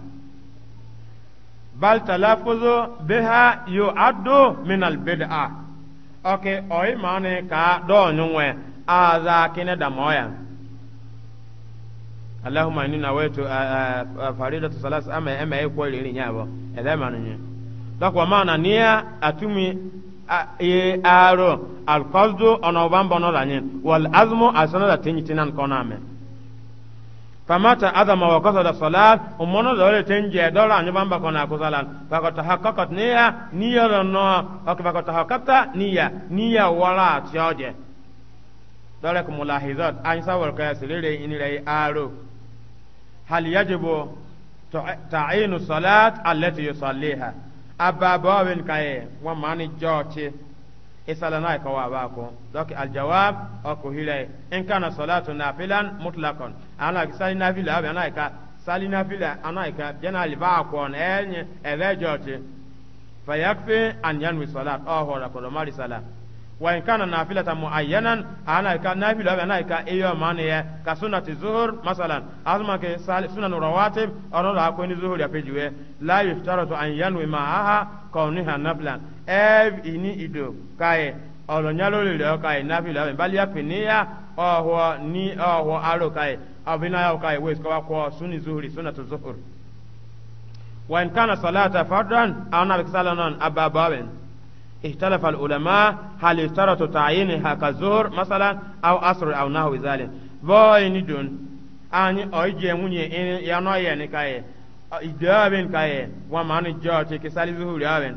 bal talafuz biha yu'addu min al bid'a okay oi mane ka do nyunwe aza kine da moya allahumma inni nawaitu faridatu salas ama ema e kweli ni nyabo edema nunye dakwa maana nia atumi ye aro alqasdu ono bambono lanyen wal azmu asana da tinyitinan kona men famata adama wa qasada salat umono dole tenje dole anyo bamba kona kusalan fako tahaqqaqat niyya niyya rono fako tahaqqata niyya niyya wala tioje dole kumulahizat ansa wal kayasilire inire aro hal yajibu ta'inu salat allati yusalliha ababawin kaye wa mani jɔɔci isala na ka wa ba ko donc aljawab o ko na in kana salatu nafilan ana sali nafila abi ana ka sali nafila ana ka jana ali ba ko ne enye ebe jɔɔci fayakfi an yanwi salat wa in kana nafilata muayyanan ana ka nafila ana ka iyo mane ya ka sunnati zuhur masalan azma ke sunan rawatib ono la ko ni zuhur ya pejiwe la yuftaratu an yanwi ma'aha kauniha naflan ev ini ido kai ọ̀rọ̀ nyá lórí rẹ̀ ọ̀ka yìí náà fi lọ́wọ́ ìbálẹ̀ pìníyà ọ̀họ́ ní ọ̀họ́ àròkà yìí àbínáyà ọ̀ka yìí wíṣ kọ́wá kọ́ súnì zuhuri súnà tó zuhuri. wọ́n kánà sọ̀lá àtàfọ́dún àwọn àbíkísà lọ́nà اختلف العلماء هل اشترطوا تعيينها كالظهر مثلا أو عصر أو نحو ذلك باي ندون أني أوجي مني إن يعني كاي إدابين كاي ومن جوتي كسالي ظهور يابين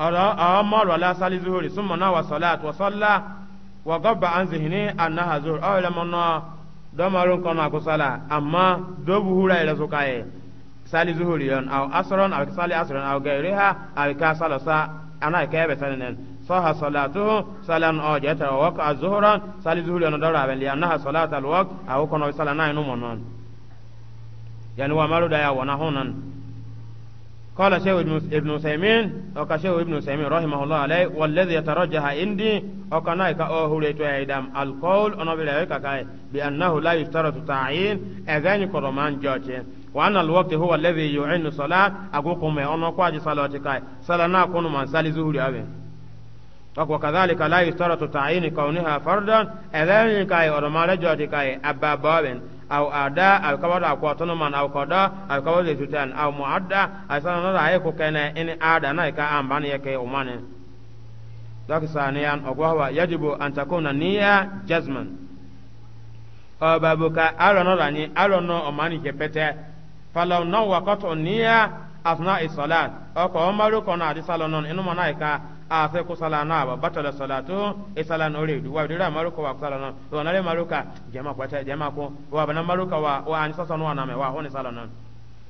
أمر ولا صلي ظهر ثم نوى صلاة وصلى وقب عن ذهنه أنها ظهر أو لما دمرون كنا كصلاة أما دبه لا يلزقه صلي ظهر يون أو أسرا أو صلي أسرا أو غيرها أو كصلاة سا أنا كيف سنن صح صلاته صلاة أوجت وقع ظهرا صلي ظهر يون دورا لأنها صلاة الوقت أو كنا صلاة ناين يعني ومالو دايا ونهونا قال شيخ ابن سيمين وكا شيخ ابن سيمين رحمه الله عليه والذي يترجح عندي وكنا كأوه ليتو ايدام القول انا بلا كاي بانه لا يشترط تعيين اغاني كرمان جوتين وان الوقت هو الذي يعين الصلاه اقوكم انا كواجي صلاة كاي صلاة كون من صلي ظهر ابي وكذلك لا يشترط تعيين كونها فردا اغاني كاي ورمان جوتي كاي ابا بابن aw ada alkawado akwatono man aw kodo alkawado tutan aw muadda asana no ay ko kene ini ada na ka amban yake umane dak saniyan ogwa yajibu an takuna niyya jazman ababuka alono rani alono o ko inu ase ko sala na ba batala salatu e sala no re du wa dira maruka wa sala na wa na le maruka jama kwa ta jama ko wa bana maruka wa wa an sasa no na me wa honi sala na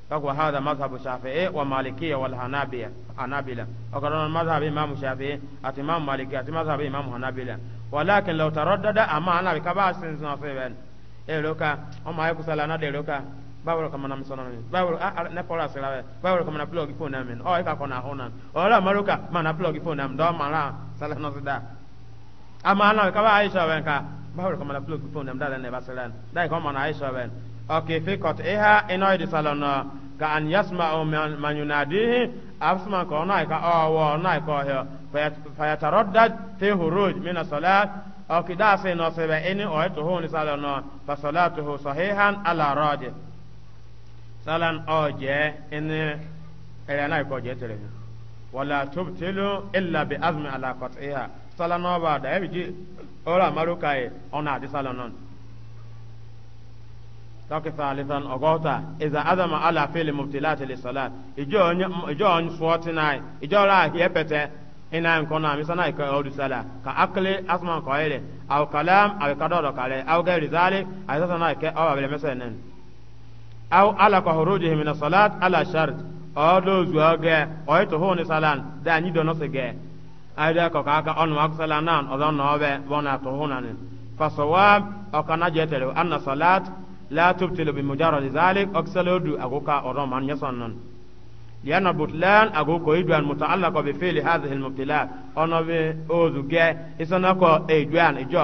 ka ko hada mazhabu shafi'i wa malikiyya wal hanabiya anabila o ka don imam shafi'i at imam maliki at mazhabu imam hanabila walakin law taraddada ama ana bi ka ba sin na fe ben e roka o ma ko sala na de roka bawol kama na misono ni bawol ne pola sira we bawol kama na blog phone na min o e ka kona hona o la maruka mana blog phone na ndo mara sala no sida ama na ka ba aisha we ka bawol kama na blog phone na mdala ne basala dai ko mana aisha we okay fi kot e ha eno di salona ka an yasma o man yunadihi asma ko na ka o wo na ko he fa yataraddad fi huruj min as-salat okay da se no se be eni o to honi salona fa salatuhu sahihan ala rajih salan oje in erana ko je tere wala tubtilu illa bi azmi ala qat'iha salan oba da ebiji ora maruka e ona di salan non tọkì sàlìsàn ọgọ́ta ìzà azama ala fílì mùtìlá tìlì sọlá ìjọ ọ̀nyí fọ́tí náà ìjọ rà hìẹ́ pẹ̀tẹ́ ina nko na mi sana ka odu sala ka akle asman ko ile aw kalam aw kadoro kale aw gairi zalik ay sana ka aw aw ala ka horojihim min salat ala shart o do zuwa o to ho ni salan da ni do no se ge ay da ko kaka on wa salan nan o don no be bona to ho nan fa sawab o kana je tele anna salat la tubtilu bi mujarrad zalik aksaludu agoka o ron man yason nan لأن بطلان أقول كويدوان متعلق بفعل هذه المبتلات أنا بأوزوجة إسناكو azmi إجو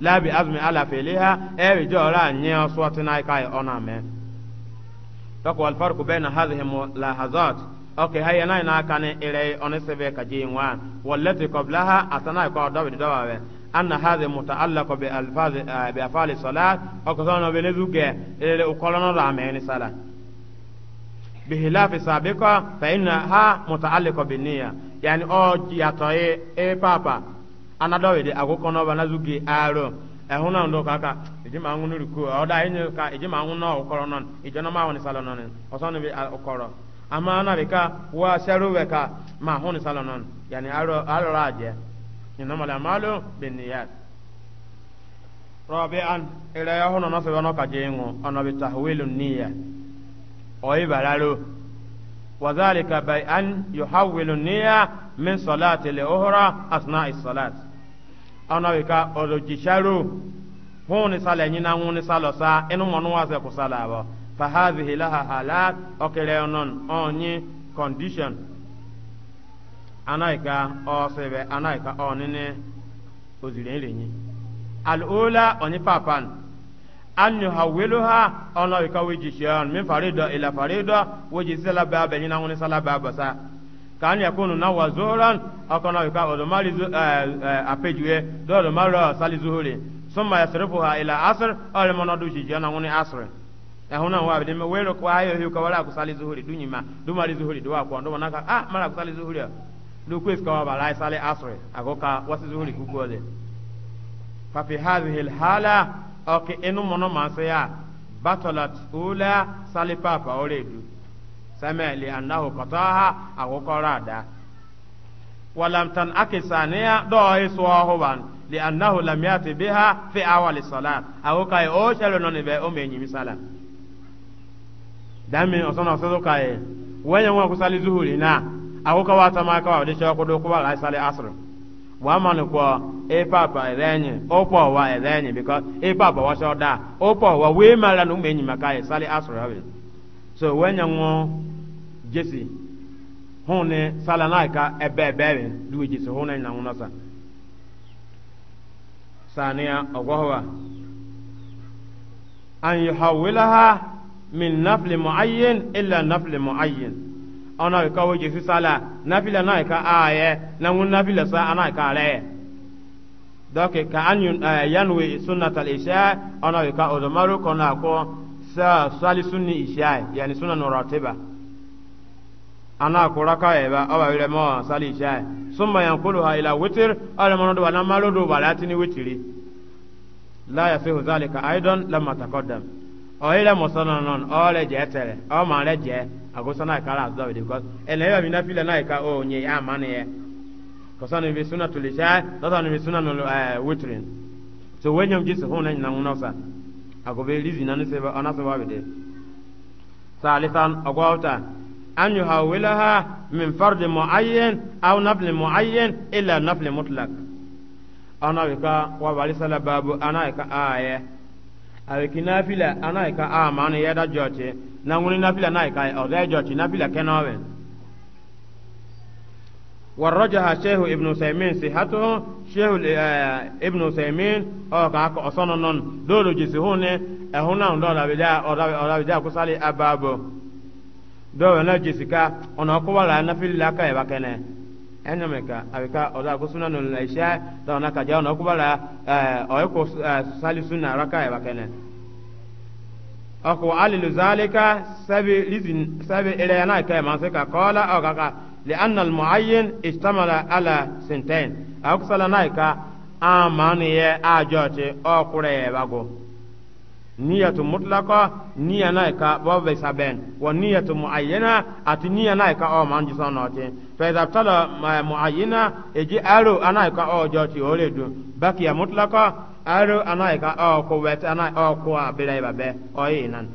لا بأزم على فعلها إيجو لا نيو سواتنا كاي أنا dɔk walfarku bɛna hadhihi mulahazat ok haya nai na kane ilai onisebe kajiin waan wallati qablaha atanai ko dobidi dobawe anna hadhi mutaallaku bi alfazi bi afali salat ok sono bele zuge ile ukolono rameni sala bihilafi sabika fa inna ha mutaallaku bi niyya yani o yatoye e papa ana dowidi agokono bana zuge aro ɛho na ndo kaka eji ma ŋun ri ko ɔda enyo ka eji ma ŋun na ɔkɔrɔ nɔn eji na ma wɔn salɔ nɔn ɔsɔn ne bi ɔkɔrɔ ama na bi ka wa sɛro wɛ ka ma ho ne salɔ nɔn yanni alɔ alɔra adiɛ nyinamali amalo beniya rɔbi an ɛrɛ ɛho na nɔfɛ wɔn ka je ŋo ɔnɔ bi ta welu niya ɔyi balalo wazali ka bai an yoha welu niya min sɔlaati le ka ana wika olojisharu huni sala nyina huni sala sa inu monu waze kusala ba fa hadhihi laha halat okele onon onyi condition anaika osebe anaika onini ozire irenyi al'ula onyi papan an yuhawiluha ona wika wijishan min farida ila farida wajisala baba nyina huni sala baba sa kan yakunu nawa zuhuran akona yuka odumari eh, eh, apejuye do odumari sali zuhuri summa yasrifuha ila asr ole monodu shi jana ngoni asr ehuna eh, wa bidime wero kwa ayo yuka wala kusali zuhuri dunyima dumari zuhuri do akwa ndo manaka ah mara kusali zuhuri do kwes kwa bala sali asr agoka wasi zuhuri kugole fa fi hadhihi alhala okay enu mono masaya batalat ula sali papa ole du sɛmɛ lianahu kɔtɔha agokɔra da walam tan aki saniya dɔɔ yi sɔɔhu ban lianahu lam yati biha fi awali salat ago ka ye o sɛlo nɔni bɛ o mɛ nyimi sala dami o sɔnna sɔsɔ ka ye wɛnyɛ ŋa kusali zuhuri na ago ka waa tama wa o de sɛ kodo kuba ka sali asr wa mani kɔ e papa ɛrɛnyi o pɔ wa ɛrɛnyi because e papa wa sɔ da o pɔ wa wee ma la nu mɛ nyima ka sali asr ha bi. so wenya ngo jesi hone sala naika ebe ebe duwe jesi hone na ngona sa sania ogwawa an ha min nafli muayyin illa nafli muayyin ona ka wo jesi sala nafila naika aye na ngun nafila sa anaika ale donc ka an eh, yanwi sunnat al-isha ona ka odomaru kona ko sa sali sunni ishai yani suna noratiba ana kuraka eba aba wile mo sali ishai summa yankuluha ila witr ala manodo wala malodo wala tini witri la yasihu zalika aidan lamma taqaddam o ile mosana non o le je tere o ma le je agosana kala azza because ele ya mina file na ka o nye amane ye kosana bi sunnatul ishai dada ni sunna no eh, witrin so wenyam jisu hona nyina ngunosa agobe lizi na niseba ona seba bide salisan agwauta an yuhawilaha min fardi muayyan aw nafli muayyan ila nafli mutlaq ana bika wa bali sala babu ana ka aya awiki nafila ana ka mani yada jote na nguni nafila na ka o da jote nafila kenawen ورجح شيخ ابن سيمين صحته شيخ ابن سيمين او كاك اصنن دولو جسهون هنا دولا بدا nọ بدا كسالي ابابو دولا نجسكا انا كوالا نفيل لاكا يبكنه enyameka abika oda kusuna no laisha da na kaja na alilu zalika sabi lizin sabi ila yana ka لأن المعين اشتمل على سنتين أكسل نايكا آماني آجوتي أو قرية باغو نية مطلقة نية نايكا بوبي سابين ونية معينة أتي نية نايكا أو مانجي صنوتي فإذا ابتلى معينة إجي أرو أنايكا أو جوتي أوليدو بكي مطلقة أرو أنايكا أو قوة أنايكا أو قوة بلاي بابي أو إينان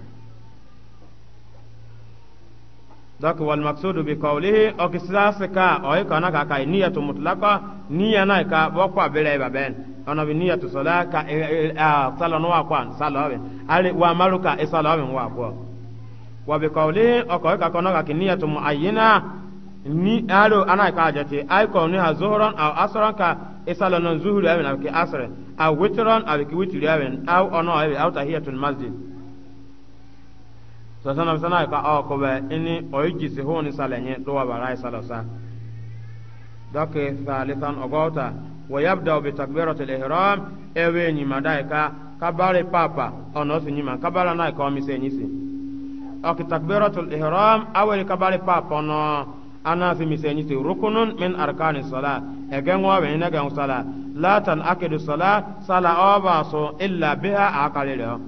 donc wal maksudu bi qawlihi o kisase ka o yi kana ka kai niyatu mutlaqa niya na ka bo kwa bele ba ben ono bi niyatu sala ka e, e, a sala no akwa sala ben ali wa maruka e sala ben wa kwa wa bi qawlihi o ka ka kana ka niyatu muayyana ni alo ana ka jati ay ko ni hazuran aw asran ka e sala non zuhuru ben ki asre aw witran aw ki witri ben aw ono aw tahiyatul masjid sasana bisana ka aw ko bɛ ini o yi jisi hɔn ni sala nye do wa bara yi sala sa dɔke salisan ɔgɔta wa yabda bi takbira tele ewe ni da yi ka kabari papa ɔnɔ si nyima kabara na yi ka ɔmi se nyisi ɔki takbira tele hiram aweli kabari papa ɔnɔ ana si mi se nyisi rukunun min arkani sala ege ŋɔ wɛ ne ge ŋ sala latan akidu sala sala ɔba so illa biha akalilɛ.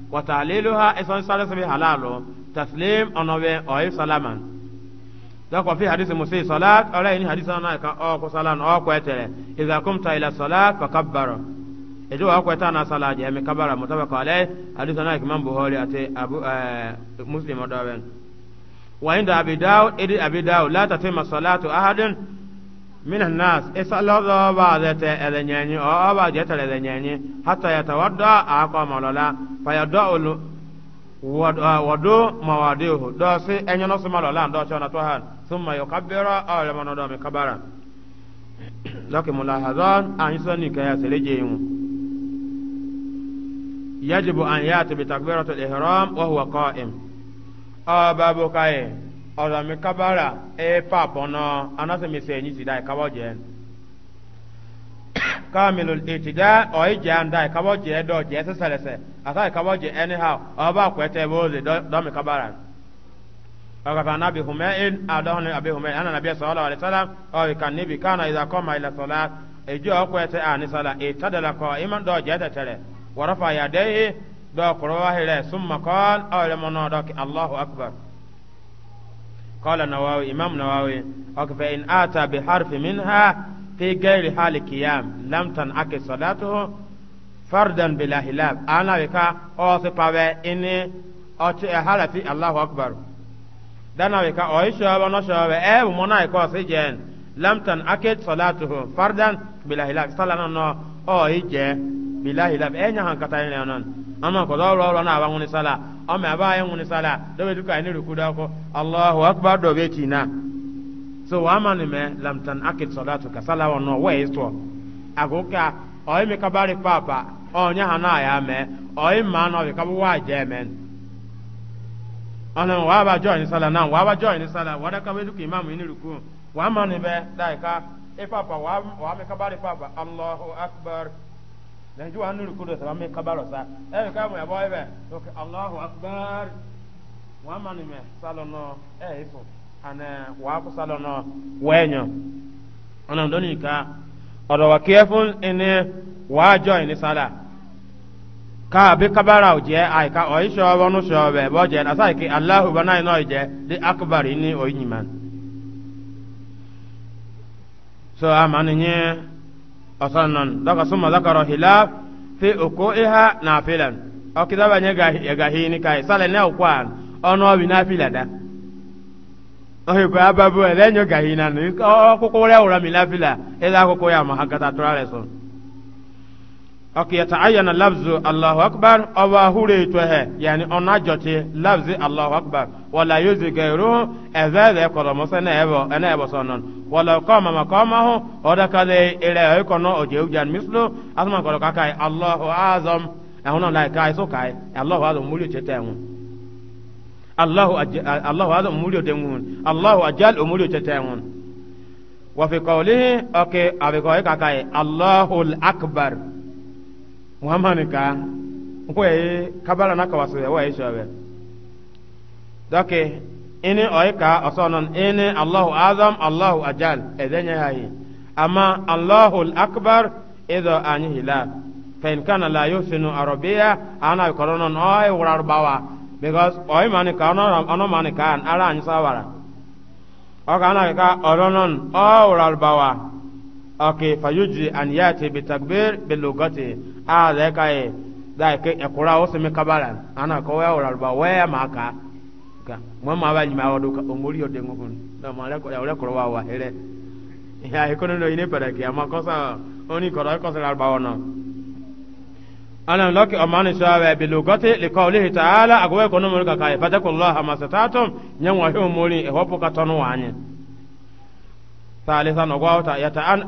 وتعليلها إسان سالس بحلال تسليم أنوي أوي سلاما ذاك في حديث موسى صلاة أولا إن حديث أنا أو صلاة أو كويتر إذا قمت إلى الصلاة فكبر إذا أو كويتانا صلاة جهم كبر متفق عليه حديث أنا إمام بخاري أتي أبو أه مسلم ودابن وعند أبي داود إذ أبي داود لا تتم صلاة أحد من الناس اسأل الله بعد تأذنيني أو بعد تأذنيني حتى يتوضأ أقام لولا فيدعو وضوء مواديه دوسي أن ينصم لولا دوسي نتوهن ثم يكبر أو لمن ندوم كبرا لكن ملاحظان أن يسني كي يسلجيهم يجب أن يأتي بتكبيرة الإحرام وهو قائم أو بابو ọ̀rọ̀ mi kábàárà ẹ fà bọ́nà anásẹ̀mẹsẹ̀ ẹ̀yìn sì dá kamilu ìtìdá ọ̀yí jẹ́ àǹdá ìkáwọ́ jẹ́ dọ̀ jẹ́ sẹ́sẹ̀lẹsẹ̀ àtà ìkáwọ́ jẹ́ anyhow ọba àkwẹ́tẹ̀ bóòlì dọ́mi kábàárà ọ̀gàfà nàbì hùmẹ́ in àdọ́hùn àbí hùmẹ́ ẹ̀nà nàbí ẹ̀sọ́ ọlọ́wà lẹ́sọ́lá ọ̀rì kan níbi kánà ìdàkọ́mà ìlẹ̀sọ́lá èjì ọ̀kwẹ́tẹ̀ ànísọ́lá ìtàdàlàkọ̀ ìmọ̀ dọ̀ jẹ́ allahu akbar قال نواوي إمام نواوي إن آتى بحرف منها في غير حال قيام لم تنعك صلاته فردا بلا هلاب أنا بكا أوصف إني أتي في الله أكبر دانا بكا أوشوا ونشوا أب منا يكوسي جن لم تنعك صلاته فردا بلا هلاب صلى الله أوه بلا هلاب أين هنكتين لأنان أما كذا الله أنا أبغى نسلا ọmị a anyị ye ŋuni sala dɔ bɛ tu ka ni ruku da ko alahu akuba dɔ bɛ tina so wa ma nin mɛ lamtan akit sɔda tu ka sala wa nɔ wɛ sɔ a ko ka ɔye mi kabari paapa ɔ nya hana a y'a mɛ ɔye maa nɔ bi kabi waa jɛ wa ba jɔ sala na wa ba jɔ ni sala wa da ka bɛ tu k'i ma mu ni ruku wa ma nin bɛ da yi ka e paapa wa wa kabari paapa alahu akubar. na ju anu rukudo sa me kabaro sa e ka ebe ok allahu akbar wa mani me salono e iso e ana wa ku salono wenyo ona ndoni ka odo wa careful ene wa join ni sala ka kabara ai ka o iso wa nu be bo je na sai e ki allahu banai no e je di akbar ni o so amani nye osannon daga suma zakaro hilaf fi ukuiha nafilan o kitaba nye gahini kai sala ne ukwan ono na nafila da ohe ko ababu ele nyo gahina ni o kokore mi ya so ok yata'ayyana lafzu allahu akbar awa hure to he yani ona jote lafzi allahu akbar wala yuzi gairu ezeze kolo musa na ebo na ebo sonon wala qama maqamahu oda kale ire e kono oje ujan mislu asma kolo kakai allahu azam ehuna la kai so kai allahu azam mulu chete mu allahu allahu azam mulu de mu allahu ajal mulu chete mu wa fi qawlihi okay abiko kakai allahul akbar muhammadu ka nkwe kabala na kawasu ya wa isho be doke ini oyi ka osonon ini allahu azam allahu ajal edenye hayi amma allahu akbar ido anyi hilal fain kana la yusinu arabiya ana koronon oyi wurar bawa because oyi mani ka ono mani ka ara anyi sawara oka ana ka oronon o wurar bawa okay fayuji an yati bitakbir bilugati a zai kai da ke ekura wasu mi kabala ana ko ya wura ba waya ma ka ka mo ma ba nyima wadu ka omori ode ngun da ma le ko ya le ko wa wa ere ya ikono no ine para ke ama kosa oni ko ra kosa alba wono ana loki amani sawa bi lugati li qawlihi ta'ala agwe kono mo ka kai fatakullaha masatatum nyan wa hiyo mori e hopo ka tonu wanye ثالثا وقوة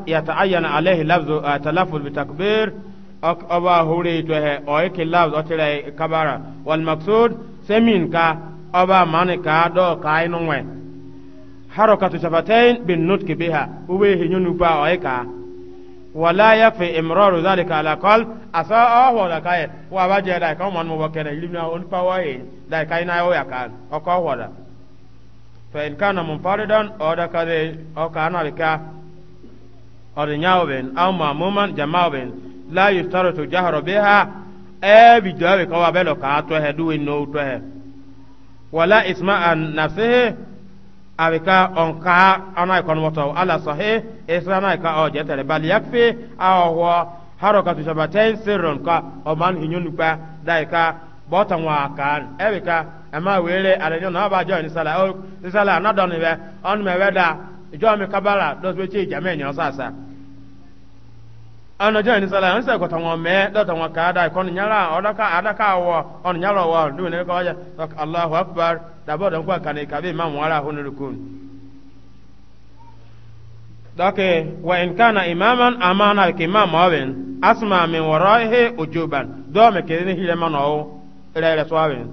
يتعين عليه لفظ تلفظ بتكبير aba hure to he o ke laws o tere kabara wal maqsud semin ka aba mane ka do ka inu we harakatu shafatain bin nutki biha uwe he nyunu pa o ka wala yafi imraru zalika ala qalb asa aho da kai wa ba je da ka man mo bakene ilimna on pa wa he da kai na o ya ka o ko ho da fa in kana munfaridan o da ka de o ka na ka o de nyawen au la yustaratu jahru biha ebi jawe kawa belo ka to he duwe no to he wala an nafsihi awika onka ana ikon moto ala sahih isana ka o jetere bal yakfi awo harakatu shabatain sirron ka o man hinyun pa dai ka botan wa kan ewika ama were alenyo na ba join sala o sala na don we on me weda jo mi kabara do so che jame nyo sasa ana jẹ ni sala ansa ko tawon me do tawon ka da ko nyala oda ka ada ka wo on nyala wo du ne ko ya Allahu akbar da bo don ko kan ka be imam wala hunu rukun dake eh, wa in kana imaman amana al imam awen asma min waraihi ujuban do me ke ni hile man o re re so awen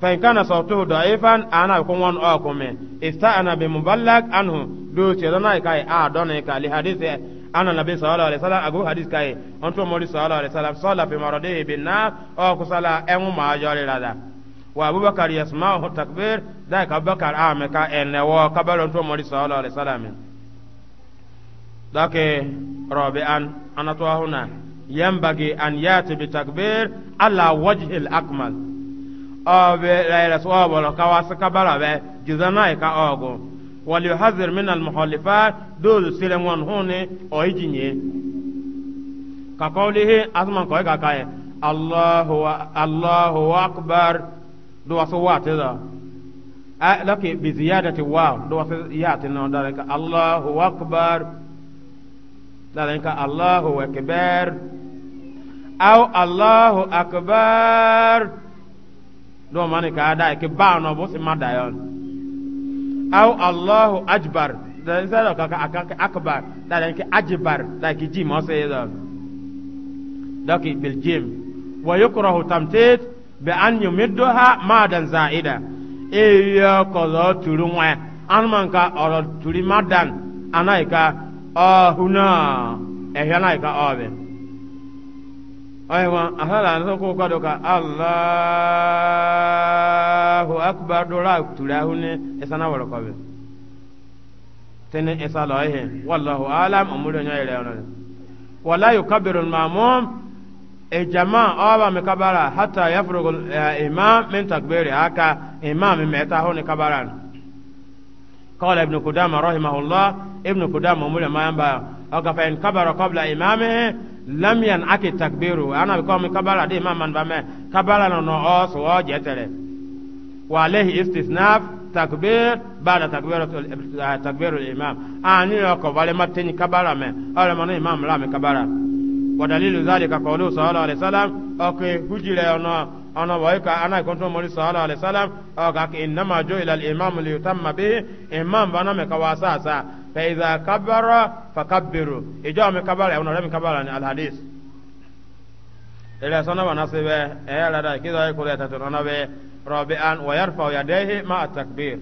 fa in kana sautuhu da'ifan ana ko won o ko bi a dona kai li eh, ana nabi sallallahu alaihi wasallam ago hadis kai onto mori sallallahu alaihi wasallam sala fi marade bin na o kusala enu ma jori rada wa abubakar yasma'u takbir da ka abubakar ame ka enne wo kabalo onto mori sallallahu alaihi wasallam dake robi an anatwa huna yambagi an yati bi takbir ala wajhi akmal o be la rasul wa kawas kabara be jizana ka ogo waliohadhir min almuhalifat dol silengon hune oijinye ka kawlihi asman koy ka kaye allahu allahu akbar do waso watida a laki bi ziyadati waw do waso yati no dalika allahu akbar dalika allahu akbar aw allahu akbar do mani ka da ke ba no bo si madayon aw allahu ajbar da sai da kaka akaka akbar da ke ajbar da ke ji masa yadda da ke bil jim wa yukrahu tamtit bi an yumidduha madan zaida e ya turu eh. an man ka oro turi madan anaika oh, eh, oh, aywa ahala anza ko kado ka Allahu akbar dora tulahu ne esana wala ko be tene esala he wallahu alam amudo nya ire ona wala yukabbiru al-ma'mum e jamaa aba me kabara hata yafrugu e, imam min takbiri imam meta ho ne kabara aka fa kabara lamian ake takbiru ana bi kɔmi kabala de ima man bamɛ kabala nɔnɔ ɔsɔ wɔ jɛtɛrɛ wa alehi istisnaf takbir bada takbir eh, takbiru imam ani yɔ kɔbale ma tenyi kabala me, ɔlɛ mɔni imam la mi kabala wa dalilu zalika kɔlu sɔɔlɔ alayhi salam ɔke hujire ɔnɔ ana waika ana ikonto mori sallallahu alaihi wasallam aga ke inna ma jo ila al imam li yutamma bihi imam bana me kawasa sa فإذا كبر فكبروا إجوا من كبر أو نرمي كبر عن يعني الحديث إلى سنة ونصيبه إيه لدى كذا يقول يتتنون أن ويرفع يديه مع التكبير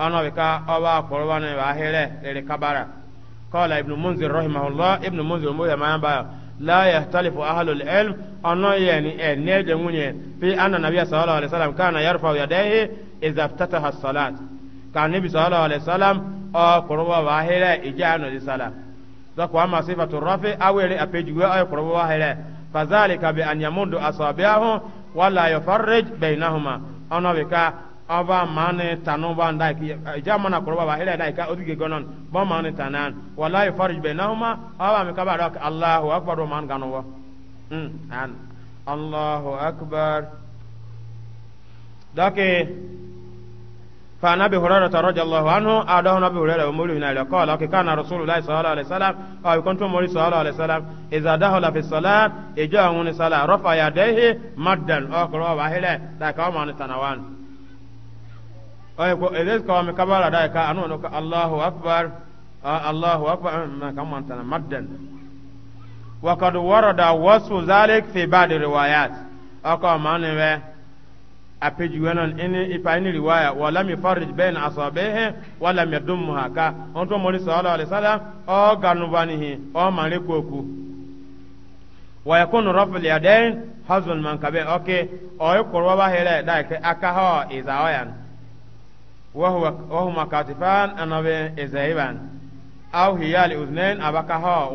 أنا بكا أبا قربان وأهله للكبرة قال ابن منذر رحمه الله ابن منذر مولى ما ينبغي لا يختلف أهل العلم أن يعني نجد مني في أن النبي صلى الله عليه وسلم كان يرفع يديه إذا افتتح الصلاة كان النبي صلى الله عليه وسلم o koroba wa hele ijano di sala zako ama sifatu rafi awere apejuwe ay koroba wa hele fadhalika bi an yamundu asabiahu wala yufarrij bainahuma ona wika aba mane tanu ba nda ki jama na koroba ba hele da ka odige gonon ba mane tanan wala yufarrij bainahuma aba me kaba rak allahu akbar man ganwa mm an allahu akbar dake فعن ابي هريره رضي الله عنه اداه ابي هريره ومولى هنا قال كان رسول الله صلى الله عليه وسلم او كنت مولى صلى الله عليه وسلم اذا دخل في الصلاه اجا من الصلاه رفع يديه مدا اقرا واهله ذاك ما نتنوان ايكو اذا كما كبر ذاك انو الله اكبر آه، الله اكبر كما انت مدا وقد ورد وصف ذلك في بعض الروايات اقام انه apeji wenon ini ipaini riwaya walam yufarrij baina asabihi walam yadummuha ka onto mori sallallahu alaihi wasallam o ganubanihi o mare koku wa yakunu rafu yadayn hazul mankabe okay o ikorwa ba hele dai aka ho izawayan wa huwa wa huma katifan anabe izaiban uznain abaka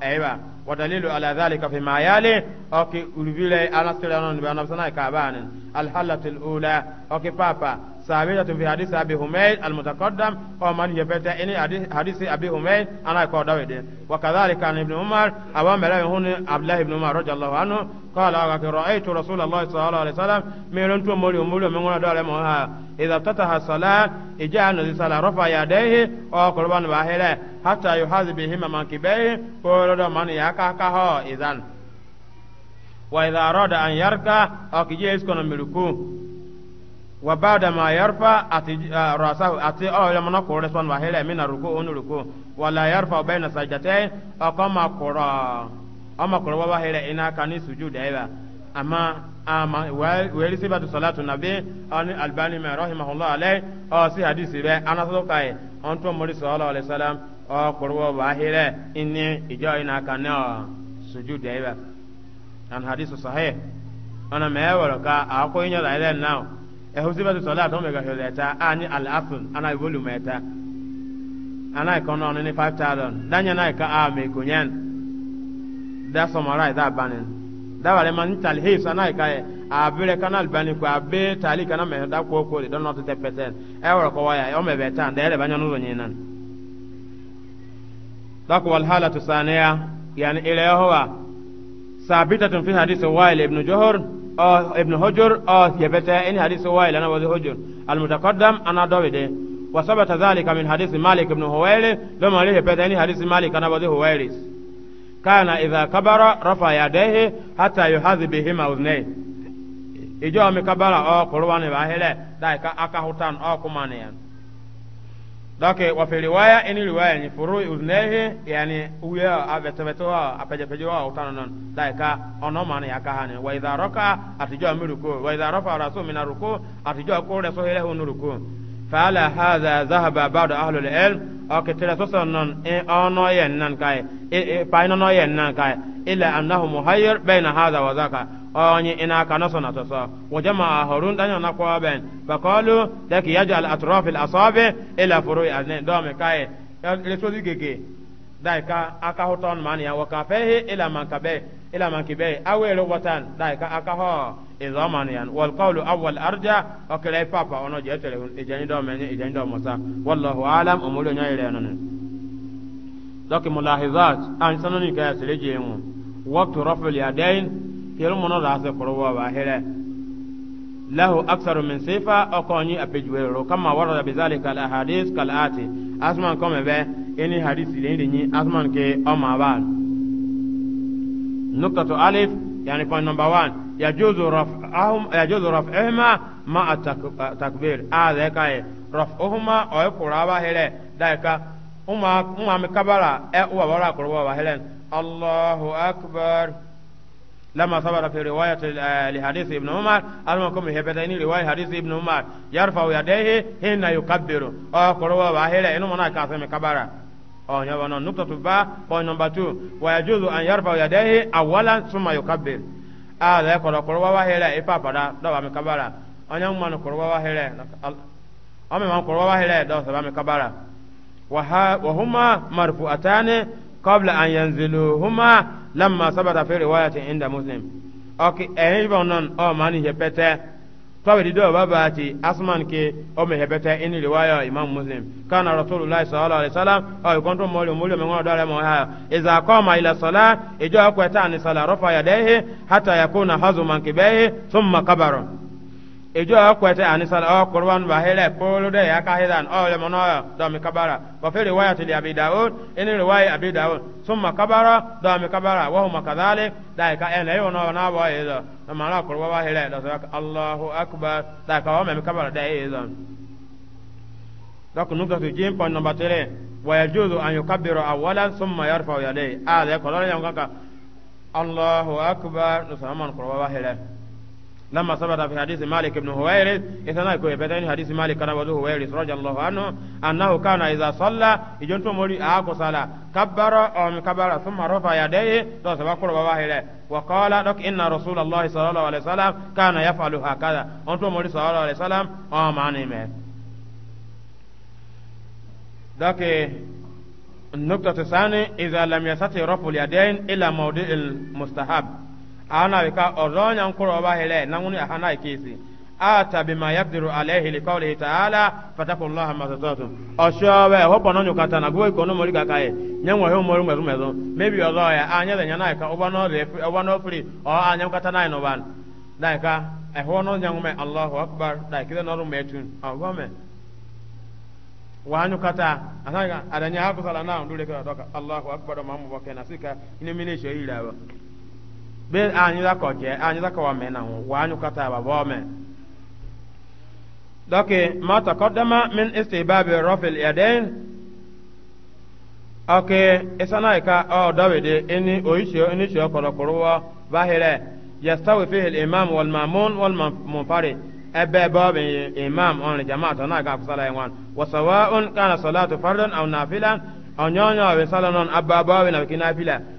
aiban ودليل على ذلك فيما يلي أوكي أولي أنا سيرانون بأنا بسنا الحلة الأولى أوكي بابا ثابتة في حديث أبي هميل المتقدم أو من يبتع إن حديث أبي هميل أنا أقول يقول دين وكذلك عن ابن عمر أبو ملاي هون عبد الله بن عمر رضي الله عنه قال رأيت رسول الله صلى الله عليه وسلم من أنتم مولي ومولي من دولة مها إذا افتتح الصلاة إجاء نزي صلاة رفع يديه أو قربان باهله حتى يحاذ بهما منكبيه قولوا من يكاكاها إذن وإذا أراد أن يركع أو أكجيس كنا ملكوه wa ba'da ma yarfa ati rasa ati o ya mana ko reswan wa hele mina ruku onu ruku wala yarfa baina sajdatayn aqama qura ama qura wa hele ina kani sujud aiba ama ama weli sibatu salatu nabi an albani ma rahimahullah alay o si hadisi be anaso kai onto mori sallallahu alaihi wasallam o qura wa hele inni ijo ina kani sujud aiba an hadisu sahih ana mewara akoyinya la ile ehusibatu salat o mega hewle ta ani al asl ana volume ta ana ikono ni 5000 danya na ka a me kunyan da somara da banin da wale man talhis ana ka e. a bere kanal bani ko a be tali kana me da e ko ko don not the percent e wor ko waya o me be ta da ele banyo nuzo nyinan dako wal halatu saniya yani ile huwa sabitatun fi hadith wa'il ibn juhur ابن هجر يبتا إن حديث وائل أنا وذي هجر المتقدم أنا دوبي وثبت ذلك من حديث مالك بن هويل لما عليه يبتا إن حديث مالك أنا وذي هويلس كان إذا كبر رفع يديه حتى يحاذي بهما أذنيه إجوا مكبر أو قربان باهلة دايكا أكا هتان أو كمانيان dɔke wafe riwaya ini riwaya ni furu uzunehi yani uya abetebeto wa apejepeje wa utano non daika ono mani yaka hani wa idha roka atijua miruku wa idha rofa rasu mina ruku atijua kure sohele hunu ruku فعلى هذا ذهب بعض أهل العلم أكتر سوسنن أنا إيه، آه، ينن كاي أنا إيه، إيه، ينن كاي إلا أنه مهير بين هذا وذاك أني آه، إنا كان سنة وجمع هارون دنيا نقوا بين فقالوا لك يجعل أطراف الأصابع إلى فروع الأذنين دوم كاي لسوزي كيكي daika aka hoton mania wa kafehi ila man kabe ila man kibe awere watan daika aka ho izaman yan wal qawlu awwal arja o papa ono je tere hun ijani do menye ijani do musa wallahu alam umulu nyaire nan doki mulahizat an sanani ka sire je mu waqtu raful yadain kire mono da se korwa wa hele له أكثر من صفة كوني أبجويرو كما ورد بذلك الأحاديث كالآتي أسمان كما بي إني حديث ليني أسمان كي أما بان نقطة ألف يعني point number one يجوز رفعهم يجوز رفعهما مع التكبير هذا آه كاي رفعهما أو كرابا هلا ذلك أما أما مكبرة أو وراء كرابا هلا الله أكبر لما صبر في رواية لحديث ابن عمر المكم هبتين رواية حديث ابن عمر يرفع يديه هنا يكبر أو قروا وهلا إنه منا كاسم كبارا أو نبنا نقطة با point number two ويجوز أن يرفع يديه أولا ثم يكبر هذا يقول قروا وهلا إبا بدا دوا مكبارا أنا ما نقروا وهلا أمي ما نقروا وهلا دوا سبا مكبارا وهما مرفوعتان qabla an yanziluhuma lamma sabata fi riwayatin inda muslim ok ehin bon non o mani hepete tawidi do baba ti asman ke o me hepete in riwaya imam muslim kana rasulullah sallallahu alaihi wasallam o kontu mo mo me ngodo re mo ha iza qama ila salat ijo akwata ni sala rafa yadayhi hatta yakuna hazuman kibayhi thumma kabara ejo ya kwete anisal o kurban ba hele polo de ya kahidan o le mono do mi kabara wa fi riwayat li abi daud in riwaya abi daud summa kabara do mi kabara wa huma kadhalik da ka en le ono na ba ezo na mara kurban ba hele da saka allahu akbar da ka wa mi kabara da ezo dako nuka to jim pon number 3 wa yajuzu an yukabbiru awwalan summa yarfa yadayhi a da ko ka allahu akbar no saman ba hele لما ثبت في حديث مالك بن هويرس إثناء كوي بدين حديث مالك كان وذو هويرس رضي الله عنه أنه كان إذا صلى يجنت مولي آكو صلاة كبر أم كبر ثم رفع يديه تو سبقر وواهله وقال لك إن رسول الله صلى الله عليه وسلم كان يفعل هكذا أنتم مولي صلى الله عليه وسلم أم عنيمه ذاك النقطة الثانية إذا لم يستطع رفع اليدين إلى موضع المستحب ana bika ozonya ọnya ba hele na ngunu aha na kisi ata bima yaqdiru alayhi liqawlihi ta'ala fataqullaha ma tatatum oshowe hopo no nyukata na gwe kono mori kakae nyanwa he mori mweru mezo maybe ozoya anya de nyana ka obano de obano free o anya nkata na no ban daika ehwo no nyangume allahu akbar daika no rume tun awome oh, wanyu kata adanya na ndule ka doka allahu akbar mamu bakena sika inimine shehi be anyi da ko je anyi da ko wa me na hu wa anyu kata ba bo me doke ma taqaddama min istihbab rafil yadayn oke isana ka o dawide ini oisho ini sho ko ko bahire yastawi fihi al-imam wal ma'mun wal munfarid ebe babin imam on jama'a to na ga kusala yan wa sawa'un kana salatu fardan aw nafilan onyoonyo we salanon abba bawe na kina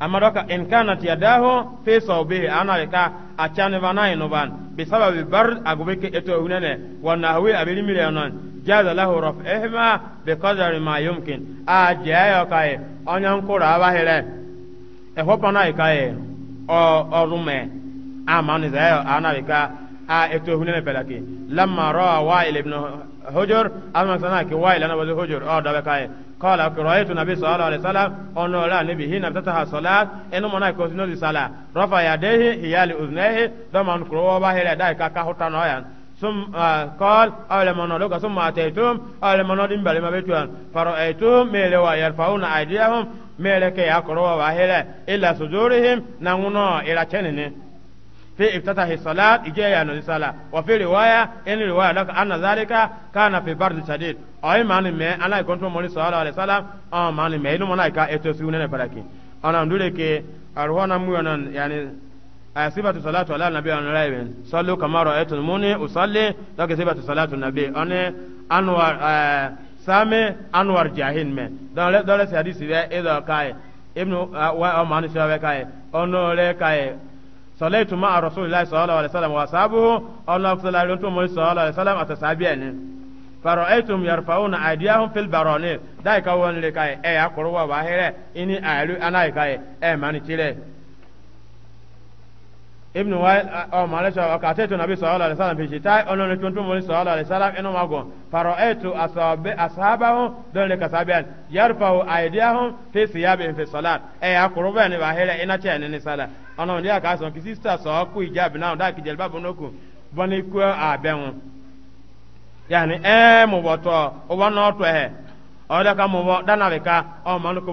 amma doka in kanat yadahu fi sawbihi ana ka achane vana inuban bi sababi bar agubeke eto unene wa nahwi abiri milionon jaza lahu raf'ihma bi qadari ma yumkin a jayo kai onyan kura abahere e hopana kai o orume amani zayo ana ka a eto hulene pelaki lamma rawa wail ibn hujur alma sana ki wail ana wazi hujur o dabe kai qala qira'atu nabi sallallahu alaihi wasallam ono la nabi hina tataha salat eno mona ko sino sala rafa yadehi hiyali uznehi daman qurwa ba hele dai ka ka hotano yan ثم قال أول ما نلقى ثم أتيتم أول ما نلقى بل ما بيتوان فرأيتم ميلوا يرفعون أيديهم ميلك يقروا وهلا إلا صدورهم نعونا إلى تنين في افتتاح الصلاة إجاية للصلاة وفي رواية إن رواية لك أن ذلك كان في برد شديد أي معنى ما أنا كنت مولي صلى الله عليه وسلم أو معنى ما إنه ملائكة يتسيون نبلاكين أنا أقول لك أروانا ميونا يعني صفة صلاة على النبي أن رايبين صلوا كما رأيتموني أصلي لك صفة صلاة النبي أنا أنور آه سامي أنور جاهين من دولة دولة سيادي سيدي إذا كاي ابن أمان شاوي كاي أنو لي كاي sọlẹ́tù máa rọ̀sọ́lùláì sọ́ọ́lá alẹ́sálàm wà sábúhù ọlọ́fẹ́lá ló tó mọ́ sọ́ọ́lá alẹ́sálàm àtàsábí ẹni fàrọ̀ ẹ̀tùm yàrfàún àdíyàhùn fílbàrọ̀ ní dáìka wọn lè ka ẹ̀ ẹ̀ akọ̀rọ̀wọ̀ wà hẹ́rẹ̀ ìní àìlú anáìka ẹ̀ ẹ̀ mánìtìrẹ̀ ibn wai o maara o ka teto nabi sallallahu alaihi wasallam fi shitai ono ne tuntu mo sallallahu alaihi wasallam eno mago faro etu asabe ashabahu don le kasabian yarfahu aidiyahum fi siyabi fi salat e ya kuruba ne ba hele ina sala ono ndia ka so ki sister so ku ijab na da ki jelba bonoku boni ku abenu yani e mo boto o wa to he o da ka mo bo ka o manuko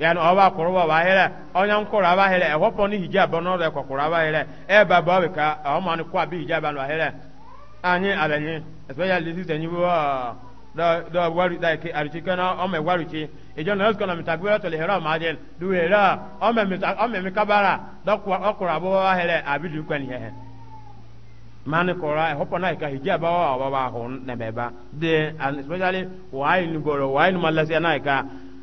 yani ọba kụrụ wa wahere onye nkwụrụ abahere ehwepụ ni hijab n'ụlọ ekwakwụrụ abahere e ebe abụọ bụ ka ọmanụ kwa bụ hijab anụ ahere anyị alenye especially this enyi uh, e bụ dɔ wari da ke aruti kana ɔmɛ wari ti ìjọ náà sikɔ na mitagbera tɔle hɛrɛ ɔmɛ adiɛ duwe rɛ ɔmɛ mita ɔmɛ mi kabara dɔkura ɔkura bɔbɔ wa hɛrɛ abi du kɔni hɛhɛ mani kɔra ɛhɔpɔ náà ika hijab ɔwɔ ɔbɔ ba ko nɛmɛ ba de especially wàá yi nugbɔrɔ wàá yi numalasiya náà ika.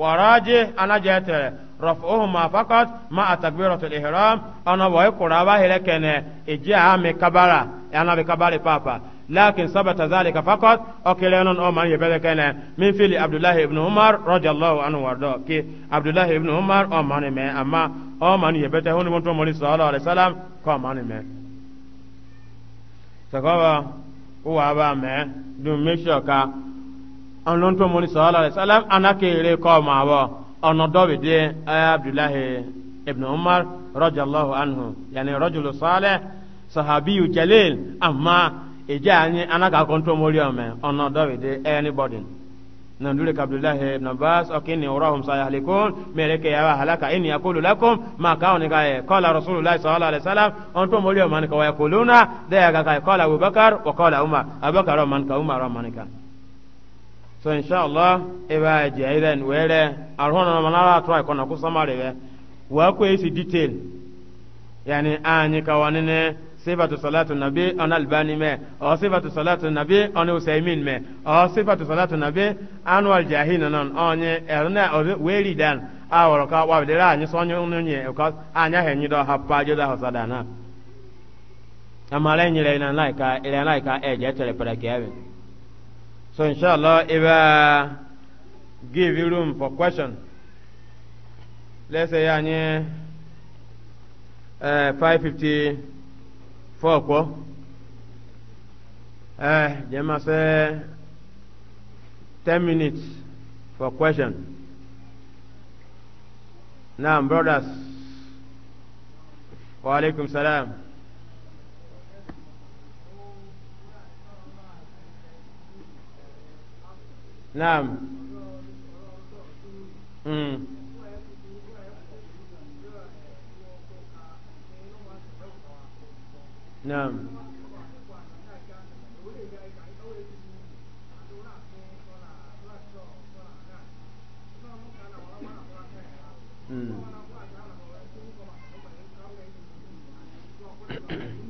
وراجح أنا جاتر رفعهما فقط مع تكبيرة الإحرام أنا ويقول أباه لكن إجاء من كبارة أنا بكبار بابا لكن ثبت ذلك فقط أكلنا أمان يبلكنا من فيل عبد الله بن عمر رضي الله عنه وارضاه كي عبد الله بن عمر أمان ما أما أمان يبته هون من صلى الله عليه وسلم كمان ما تكوا هو أبا ما دون مشوكا ọ̀nà tó mọ̀ ní sọ́ọ́lá rẹ̀ sálám anákèrè kọ́ máa wọ̀ ọ̀nà dọ́bìdì abdullahi ibn umar rọ́jàlọ́hu anhu yàní rọ́jùlù sọ́ọ́lẹ̀ sahabiyu jalil àmà ìjà ànyìn anákàkọ́ tó mọ̀ rí ọ̀mẹ́ ọ̀nà dọ́bìdì anybody. nandule ka abdullahi ibn abbas okini urahum sayalikun mereke yawa halaka ini yakulu lakum ma kaoni kaye qala rasulullahi sallallahu alaihi wasallam onto molio man ka yakuluna de yaga kaye qala abubakar wa qala umar abubakar man ka umar man ka so inshallah eba je iren were arhono manara try kona ku samare we wa ku isi detail yani anyi kawanene sifatu salatu nabi on albani me o sifatu salatu nabi on usaimin me o sifatu salatu nabi anwal jahina non onye erna weri dan aworo ka wa de anyi so onye onye ka anya he nyi do ha pa e je da hosadana amara nyire na laika ile laika eje tere pere kewe So inshallah, if I uh, give you room for question, let's say any uh, 554 ko. Uh, Jema say 10 minutes for question. Now, brothers, wa alaikum salam. naam mm. naam mm.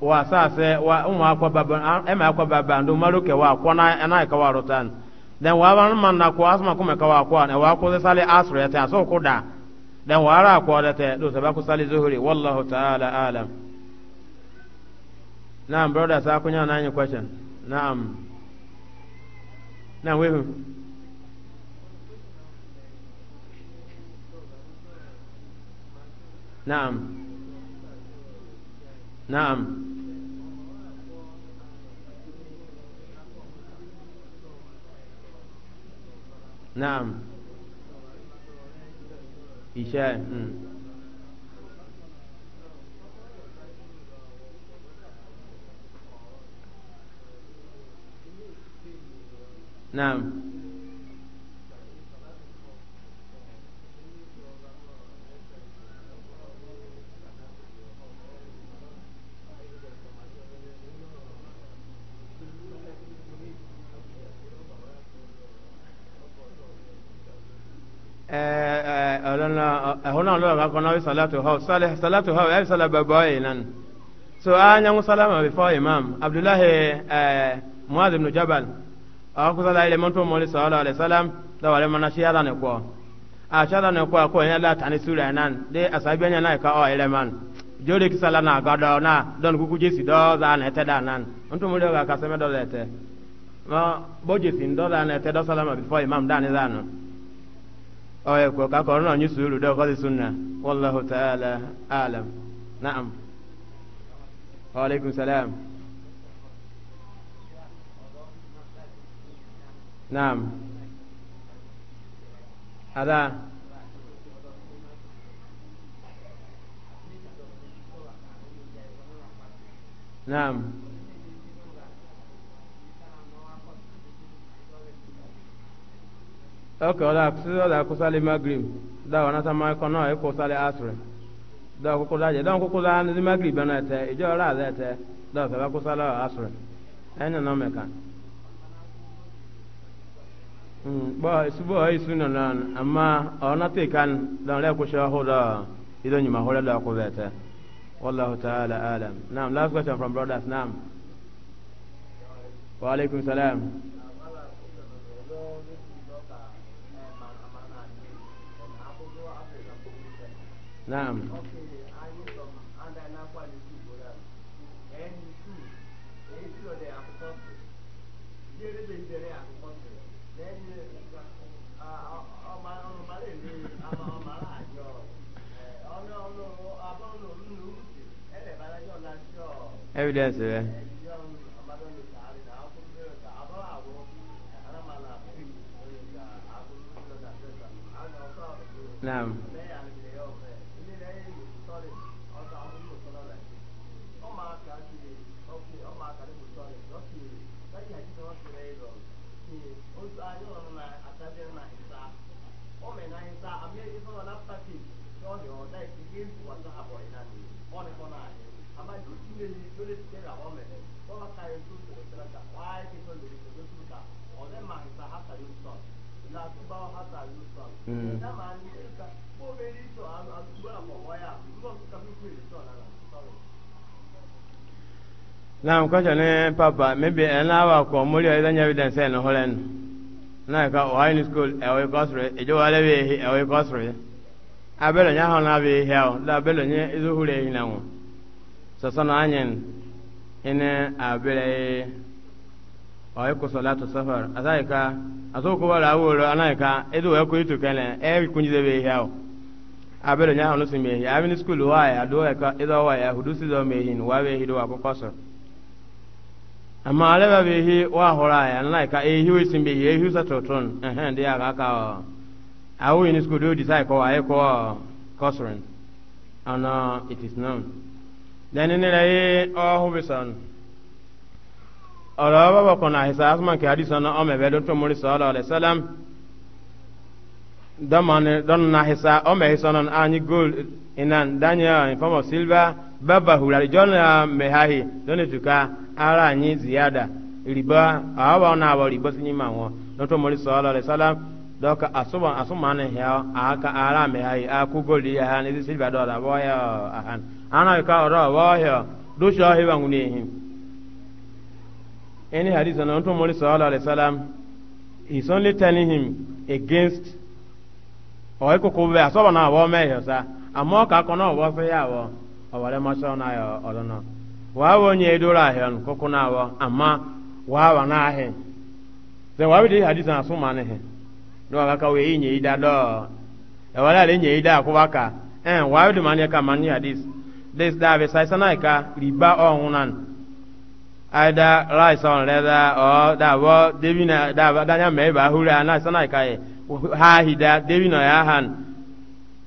wa sase wa umma akwa baba ema akwa baba ndo maruke wa kwana ana ka wa rotan den wa ban man na ko asma kuma ka wa kwa ne wa ko sale asra ya ta so ko da den wa ra ko da te do sabaku sale zuhuri wallahu ta'ala alam na'am brother sa kunya na any question na'am na'am wehu na'am na'am naam iṣẹ́ mm. naam. lɔɔre ba kɔnɔ awi salatu hɔ salatu hɔ awi sala bɛ bɔ nan so a nyangu salama before imam abdullahi ɛɛ muaz ibn jabal a ko sala ilé mɔtò mɔli sɔɔlɔ alayhi salam dɔwɛrɛ mana si yala ne kɔ a si yala ne kɔ ko yɛn la tani sura yɛn nan de asabi yɛn na ka ɔ yɛlɛ man jori kisala na ga dɔ na dɔn kuku jesi dɔ zaa na ɛtɛ da nan mɔtò mɔli ka kasɛmɛ dɔ la ɛtɛ bɔ jesi dɔ la na ɛtɛ dɔ salama bi imam daani zaa nɔ oye ko ka ko no nyu suru do ko sunna wallahu ta'ala alam na'am wa alaikum salam na'am ada na'am Ok oda si oda kusali magrib da wana sama ko no e kusali da ko kula je da ko kula magrib na ete ije ra da te da ka kusala asre ene no meka isubo ai suna amma ona te kan da le ko shaho da ido nyuma da ko ete wallahu ta'ala alam nam last question from brothers nam Naam. Evidence. Eh? Naam. on after thing don dey on like begin wata abo in that way on the corner àmà ìlú tí lè ní ló lè ti tẹ̀lé àwọn ọmọ ẹ̀ tó bá kárí tó tó lè tẹ̀lé ta wáyé kí tó lè tó lè tó ta ọ̀dẹ́ màá nípa hasa yóò sọ ìlà àtúbà hasa yóò sọ ìdá màá ní kí ká kó o bẹ̀rẹ̀ ìtọ̀ àtúgbò àpọ̀ wáyà nígbà tó kà mí kú ìrìtọ̀ lára sọ̀rọ̀. Now, question, eh, Papa, maybe an hour or more, I don't have evidence in the Holland. na ka wine ewe kosre ejo wale be hi ewe kosre abelo nya hona be hi awo abelo nya izo hi na wo sasa na anyen ene abele oye ko salatu safar azaika azo ko wala aworo anaika na we ko itu kene e kunji de be abelo ya do ka hudusi do amma alaba be hi wa horaya na ka e hi wisin be e hi satoton eh eh dia ga ka awu in do decide ko ay ko cosrin and oh, it is known hu bisan na asman hadisa na o me be do to muri sallallahu alaihi wasallam da man don na o me baba hulari jona uh, mehahi done ka ara anyi ziyada riba awa na awa riba sinyi manwo noto mori sallallahu alaihi wasallam doka asuban asumane ya aka ara mehahi akugoli ya han isi silba dola boya ahan ana ka oro boya do shahi is only telling him against asoba na awa mehahi sa amma ka kono awa fe ọwọle mọsọ na ya ọdụnọ waa edoro ahịa kụkụ na awọ ama waa wa na ahịa waa bi dị hadisi na asụma n'ihe dọọ kaka wee nye ida dọọ ọwọle e akwụwa ka ee eh, waa dị ma ka ma nye daa saịsa na riba ada rice ọ da debi na da da nya me ba na ka ha debi na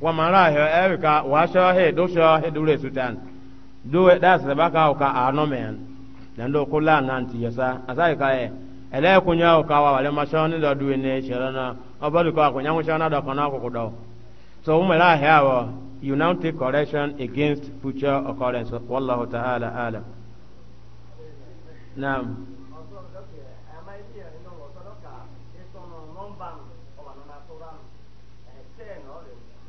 wamara ahịa ebe ka washa ọhịa do ọhịa duru esutan duwe dasịrị baka ụka anọ men na ndị ụkwụla na ntị yasa asaghị ka ya ele kwunye ụka wa wale masha ọnụ dọ duwe na echere na ọbọdụ ka akwụnye nwụcha na na n'akwụkwụ dọ so umere ahịa ahụ you now take correction against future occurrence wallahu ta'ala alam naam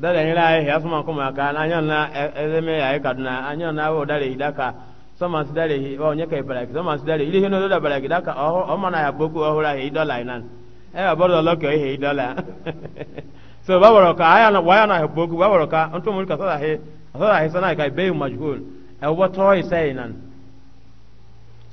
dala yin la ya suma kuma ka na nyon na ezeme e, ya e ka na anyon na wo dala idaka soma si dala hi wo nyeka ibara ki soma si dala ile hino dala bara ki daka o o mana ya boku o hura hi dola inan e ba bodo lokyo hi dola so ba woro ka aya na wa ya na he boku ba woro ka ntumul ka sala he sala he sana ka be majhul e wo to hi sai inan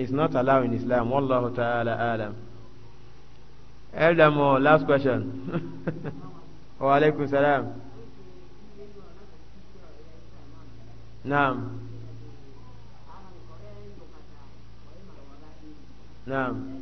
is not allowed in Islam. Wallahu ta'ala alam. Eldamo, last question. wa alaikum salam. Naam. Naam.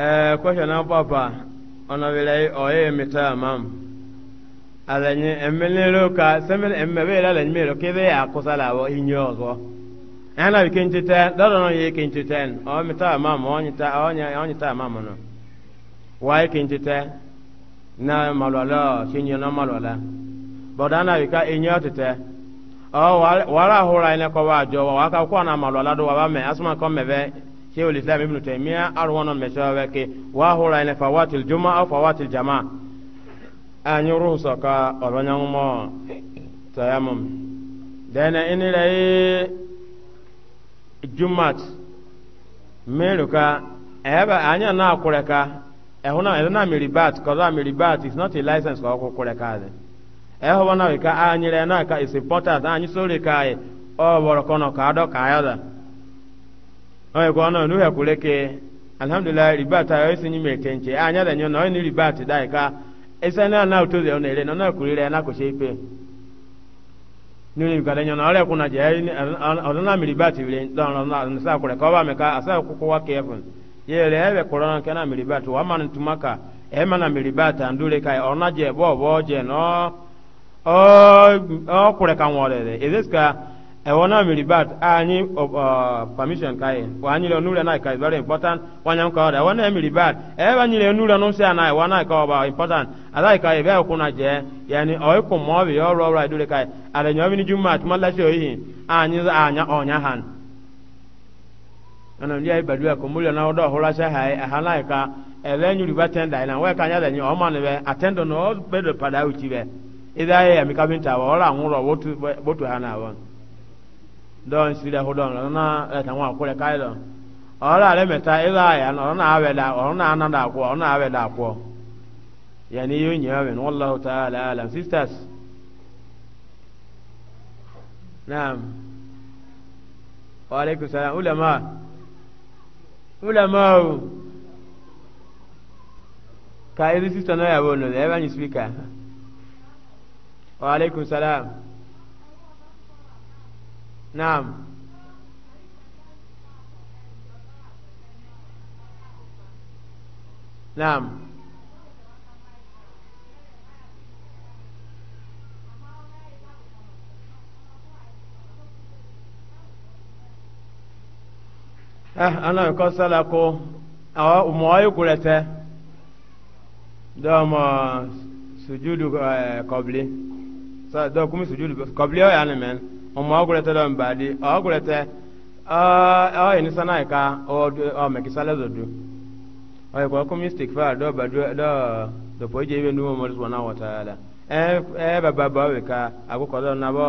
ee eh, na papa ọnọbịla oye mita mam alanyi emelero ka semen emebere alanyi mero kebe ya akwụsala abụọ inye ọzọ ya na bi kenti ten dọdọ nọ ya kenti ten ọ mita mam ọnyita ọnyita nọ wa kenti ten na malwala shinye na malwala boda na wika enyo tete o wara hura ina ko wajo wa ka ko na malwala do wa me asma ko mebe shaykhul islam ibn taymiya arwana me shawe ke wa hura ina fawatil jumaa fawatil jamaa anyu ruhsa ka oranya mo tayammum dana ini lai jumat meruka eba anya na kureka ehuna bat miribat kodo bat is not a license ko kokore kaze eho bona ka anyire na ka is important anyị sore kai ọ boro kọnọ ka adọ ka yada o e kono nu he kuleke alhamdulillah ribat ayo sinyi anya da nyo ni ribat ka na na na na nuri nyo na ole kuna na yele hebe korona kena milibata wama ntumaka ema na milibata ndule kai ona bo bo je no o o kure kan wole is ka e wona milibata anyi permission kai wanyi le nule na kai very important wanya ko da wona milibata e wanyi le nule no se na wona ko ba important ala kai be ko na je yani o ko mo bi yo ro ro dule kai ala nyomi ni juma tumala se oyin anyi anya onya han ana ndị ai badua ko mulya na ọhụrụ hola sha ha ahana ka ele nyuri da bedo pada uchi ka binta wa ola nwuro wotu wotu hana na eta nwa kure kai don ola le meta ịla ya no na awela o na ananda akwo o na awela akwo yani sisters naam wa alaikum ulamau ka izi sista na ya bono da yabani speaker wa alaikum salam naam naam ana ko sala ko awa umoy kulete dama sujudu qabli sa do kumi sujudu qabli o yana men umoy kulete do mbadi o kulete ah o ni sana ka o o me ki sala zodu o ko kumi istighfar do ba do do poje be ndu mo subhanahu wa ta'ala e e baba ba we ka agukodo na bo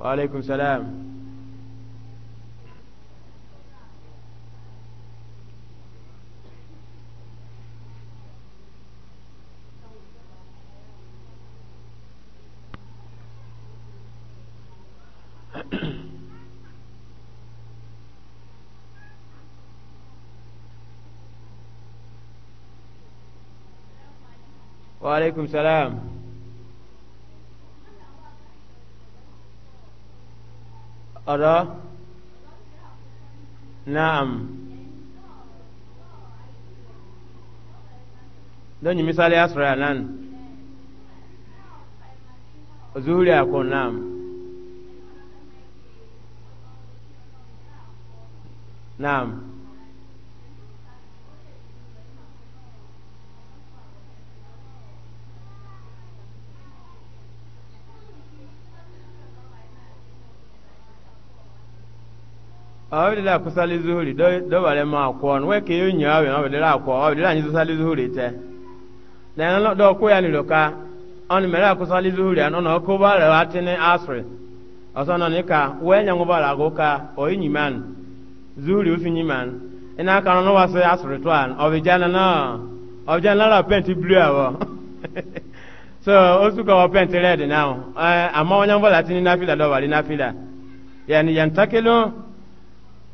وعليكم السلام وعليكم السلام ọ̀rọ̀ naam don yi misali asra nan zuhuri ako naam naam awabidila kusali zuhuri dɔbale ma kɔn wɛ ke yonyo awe awabidila kɔ awabidila anyi kusali zuhuri tɛ lɛn dɔ ko ya nilo ka ɔni mɛlɛ kusali zuhuri anɔnɔ koba lɛ wa tini asiri ɔsɔnɔ ni ka wɛ nyanguba la ko ka oyi nyiman zuhuri ofi nyiman ina kan ɔnɔ wasi asiri to an ɔbidjana na ɔbidjana la pɛnti blu awɔ so osu ka wɔ pɛnti rɛd na ɛ eh, ama wɔnyanguba la tini nafila dɔbali nafila yanni yantakilo.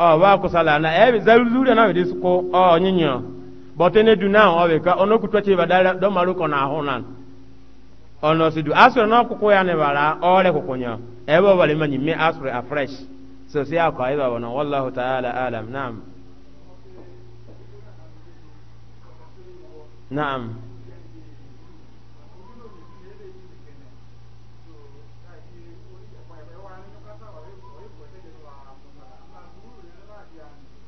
bụ akwụsala na ebe zaruzuri na wedi suko ọnyinyo bọte na duna ọbe ka ọ kutwa cheba dara don maruko na ahụ na ọ si du asụrụ na ọkụkụ ya ne bara ọrịa kwụkwụnya ebe ọ bala imanyi me asụrụ afresh so si akọ ebe ọ na wallahu ta'ala alam na'am na'am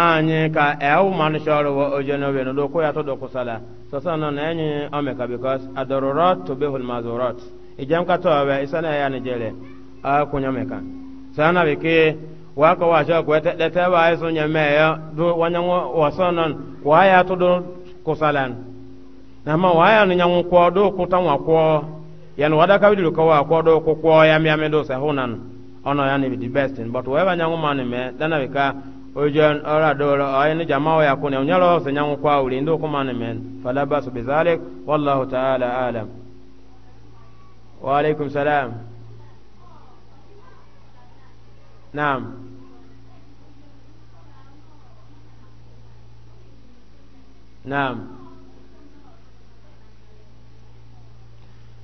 anyị ka ewu manụsị ọrụ wo oje n'obe na dokwu ya to dokwu sala sosa nọ na enyi ome ka bikos adorurot to behul mazurot ijem ka tobe isa na ya nijele akunyo meka sana bike wa ka wa sha ku ta ta ba isu nya me ya do wanyan wa sonon wa ya to do na ma wa ya nyan ko do ku tan wa ko yan wada ka bidu ko wa ko do ku ko ya mi ame do se hunan ya ni the best but wa ba nyan ma ni me dana bika ojan ora dolo ay ni jamaa ya kone nyalo se nyangu kwa uli ndo kuma ne men fala basu bizalik wallahu ta'ala alam wa alaikum salam naam naam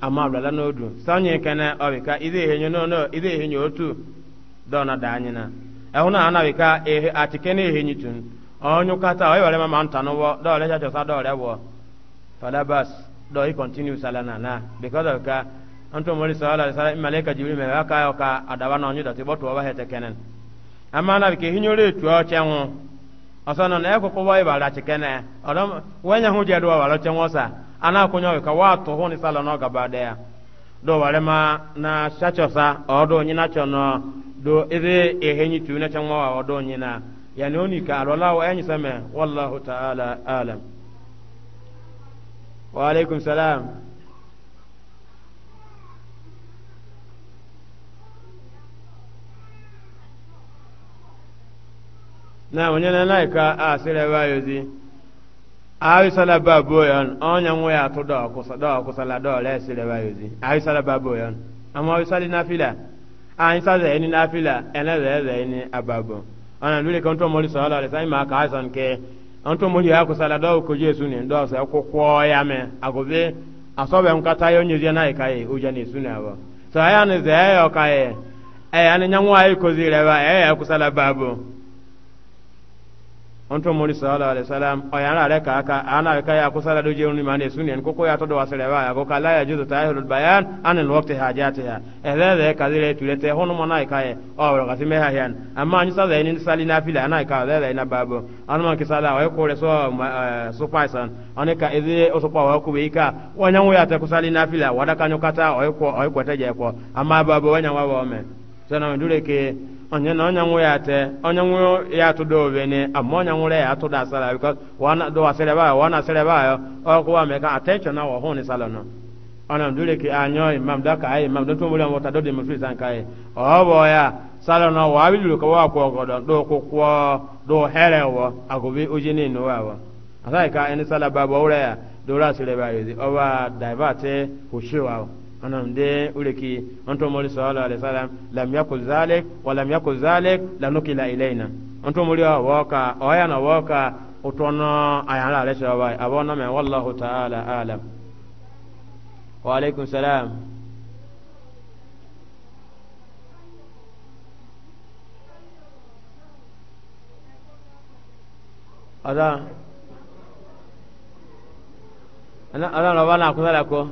ama abdala n'odu sanye kene obika ize ehenyo no no ize ehenyo otu dona danyina ehuna ana bika ehe atikene ehenyi tun onyu kata oyi wale mama ntano wo do le chacho sa do le wo fala bas do i continue sala na na because of ka anto mori sala sara sala malaika jibril me waka yo ka adawa na onyu dati botu oba hete kenen ama ana bika ehenyo le tu oche nwu osana na ekoko wo ibara atikene odom wenya hu je ọbara wa lo chenwo ana kunyo ka watu honi sala no gabada ya do ma na shachosa odo nyina chono do ide ehenyi tuna changwa wa odo nyina yani oni ka alola wa enyi same wallahu ta'ala alam wa alaikum salam na wanyana naika asire wayozi awisala babo yon onya nwe ya to do kusa do kusa la do le sire ba yuzi awisala babo yon ama awisali nafila aisa ze ni nafila ene ze ze ni ababo ana lule konto moli sala ale sai ma ka asan ke onto moli ya kusa la do ko jesu ni ndo se kokwo ya me agobe asobe nkata yo nyizi na ikai uja ni suna ba so aya ni na yo kai e ani nyanwa ai ko zire ba e ya kusa la babo onto mori sallallahu alaihi wasallam o yana re ka ka ana ka ya kusala do jeuni mane sunni ko ko ya to do wasere ba ya ko kala ya juzu tahirul bayan an al waqti hajatiha ehlele ka dire tulete hono mona ka ye o ro ka sime ha yan amma ni sa zaini sali na fila ana ka lele na babo an man kisala wa ko re so so paisan an ka izi o so pa wa ku be ka wanya wo ya ta kusali na fila wada kanyo kata o ko o ko ta je ko amma babo wanya wa wa me sana ndure ke onye na onye nwe ya te onye nwe ya atụ do ovene amma onye nwe ya atụ da sala because wana do wasere sere ba wa me ka attention na wo ni sala ọ ona ndure ki anyọ imam da ka imam do tumuri mo ta do de san kai o bo ya sala wa bi lu ko wa ko do do agobi ka sala ba ya do sere ba yi o ba divert ko anan de ureki anto mori sallallahu alaihi wasallam lam yakul zalik wa lam yakul zalik la nukila ilaina anto mori waka oya na waka utono ayan la lesha wa abona me wallahu ta'ala alam wa alaikum salam ada ana ana wala kuzala ko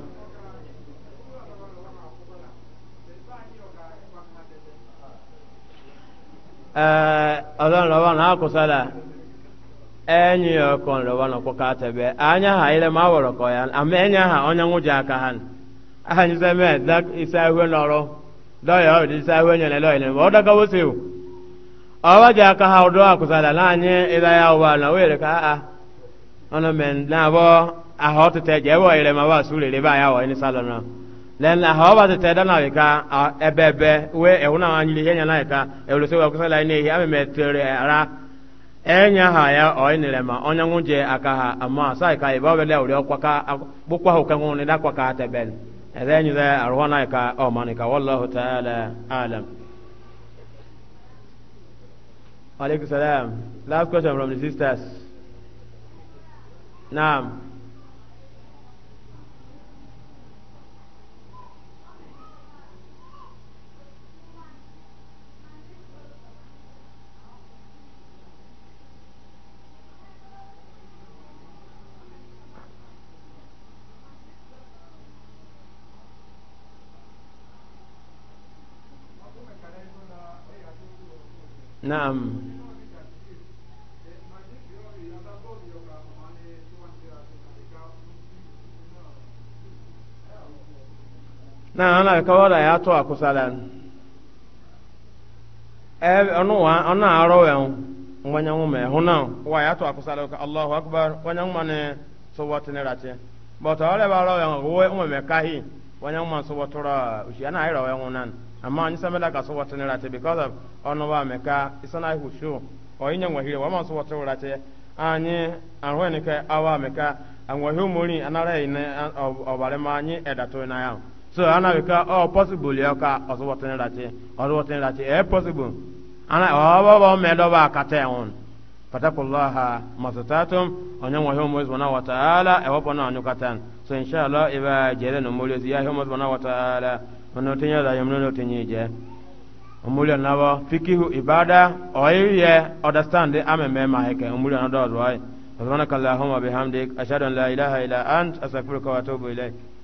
ọlọ́run lọ́wọ́ náà kò enyi ya ọkụ lọ́wọ́ náà kò ká anya ha ilẹ̀ máa wọ̀rọ̀ kọ́ ya ama ẹ̀yìn ha ọ̀nyà ń aka ha anyị sị mee dak isa ihu n'ọrụ dọya ọrụ dị isa ihu enyo na dọya ọ dọka wosi o ọwa ji aka ha ọdụ akụsala na anyị ya ụwa na were ka a ọnụ mee na abụọ ahụ ọtụtụ eji ewe ọ ire ma ọ bụ asụ rere ebe ya awọ ịnị salọ na. len uh, uh, uh, eh, la hawa ta tada na ka ebebe we e eh, una anyi yenya na ka e lo se wa kusa la ni ya ara enya ha ya o inire ma onya nje aka ha ama sai ka e ba we le ori okwa ka bukwa ho ka ngun naam نعم na ana ka wala ya to akusala e onu wa ona aro we nwanya nwume hu na wa ya to akusala ka Allahu akbar wanya nwuma ne so wat ne rate but ole ba aro we nwume kahi wanya nwuma so watora ushi ana iro we nwunan amma anyi samela ka so wata ne because of ono ba meka isana hu shu o yinya ngwahire wa ma ka awa meka anwahi umuri anara ine obare ma anyị na ya so ana beka ọ ya ka o so wata ana onye nwahi umuri subhanahu wa ta'ala na so inshallah iba jere ono tinya da yamno no tinya je omuli na wa fikihu ibada ye understand the Amen, ameme ma heke omuli na do do ay subhanakallahumma bihamdik ashhadu an la ilaha illa ant astaghfiruka wa atubu ilaik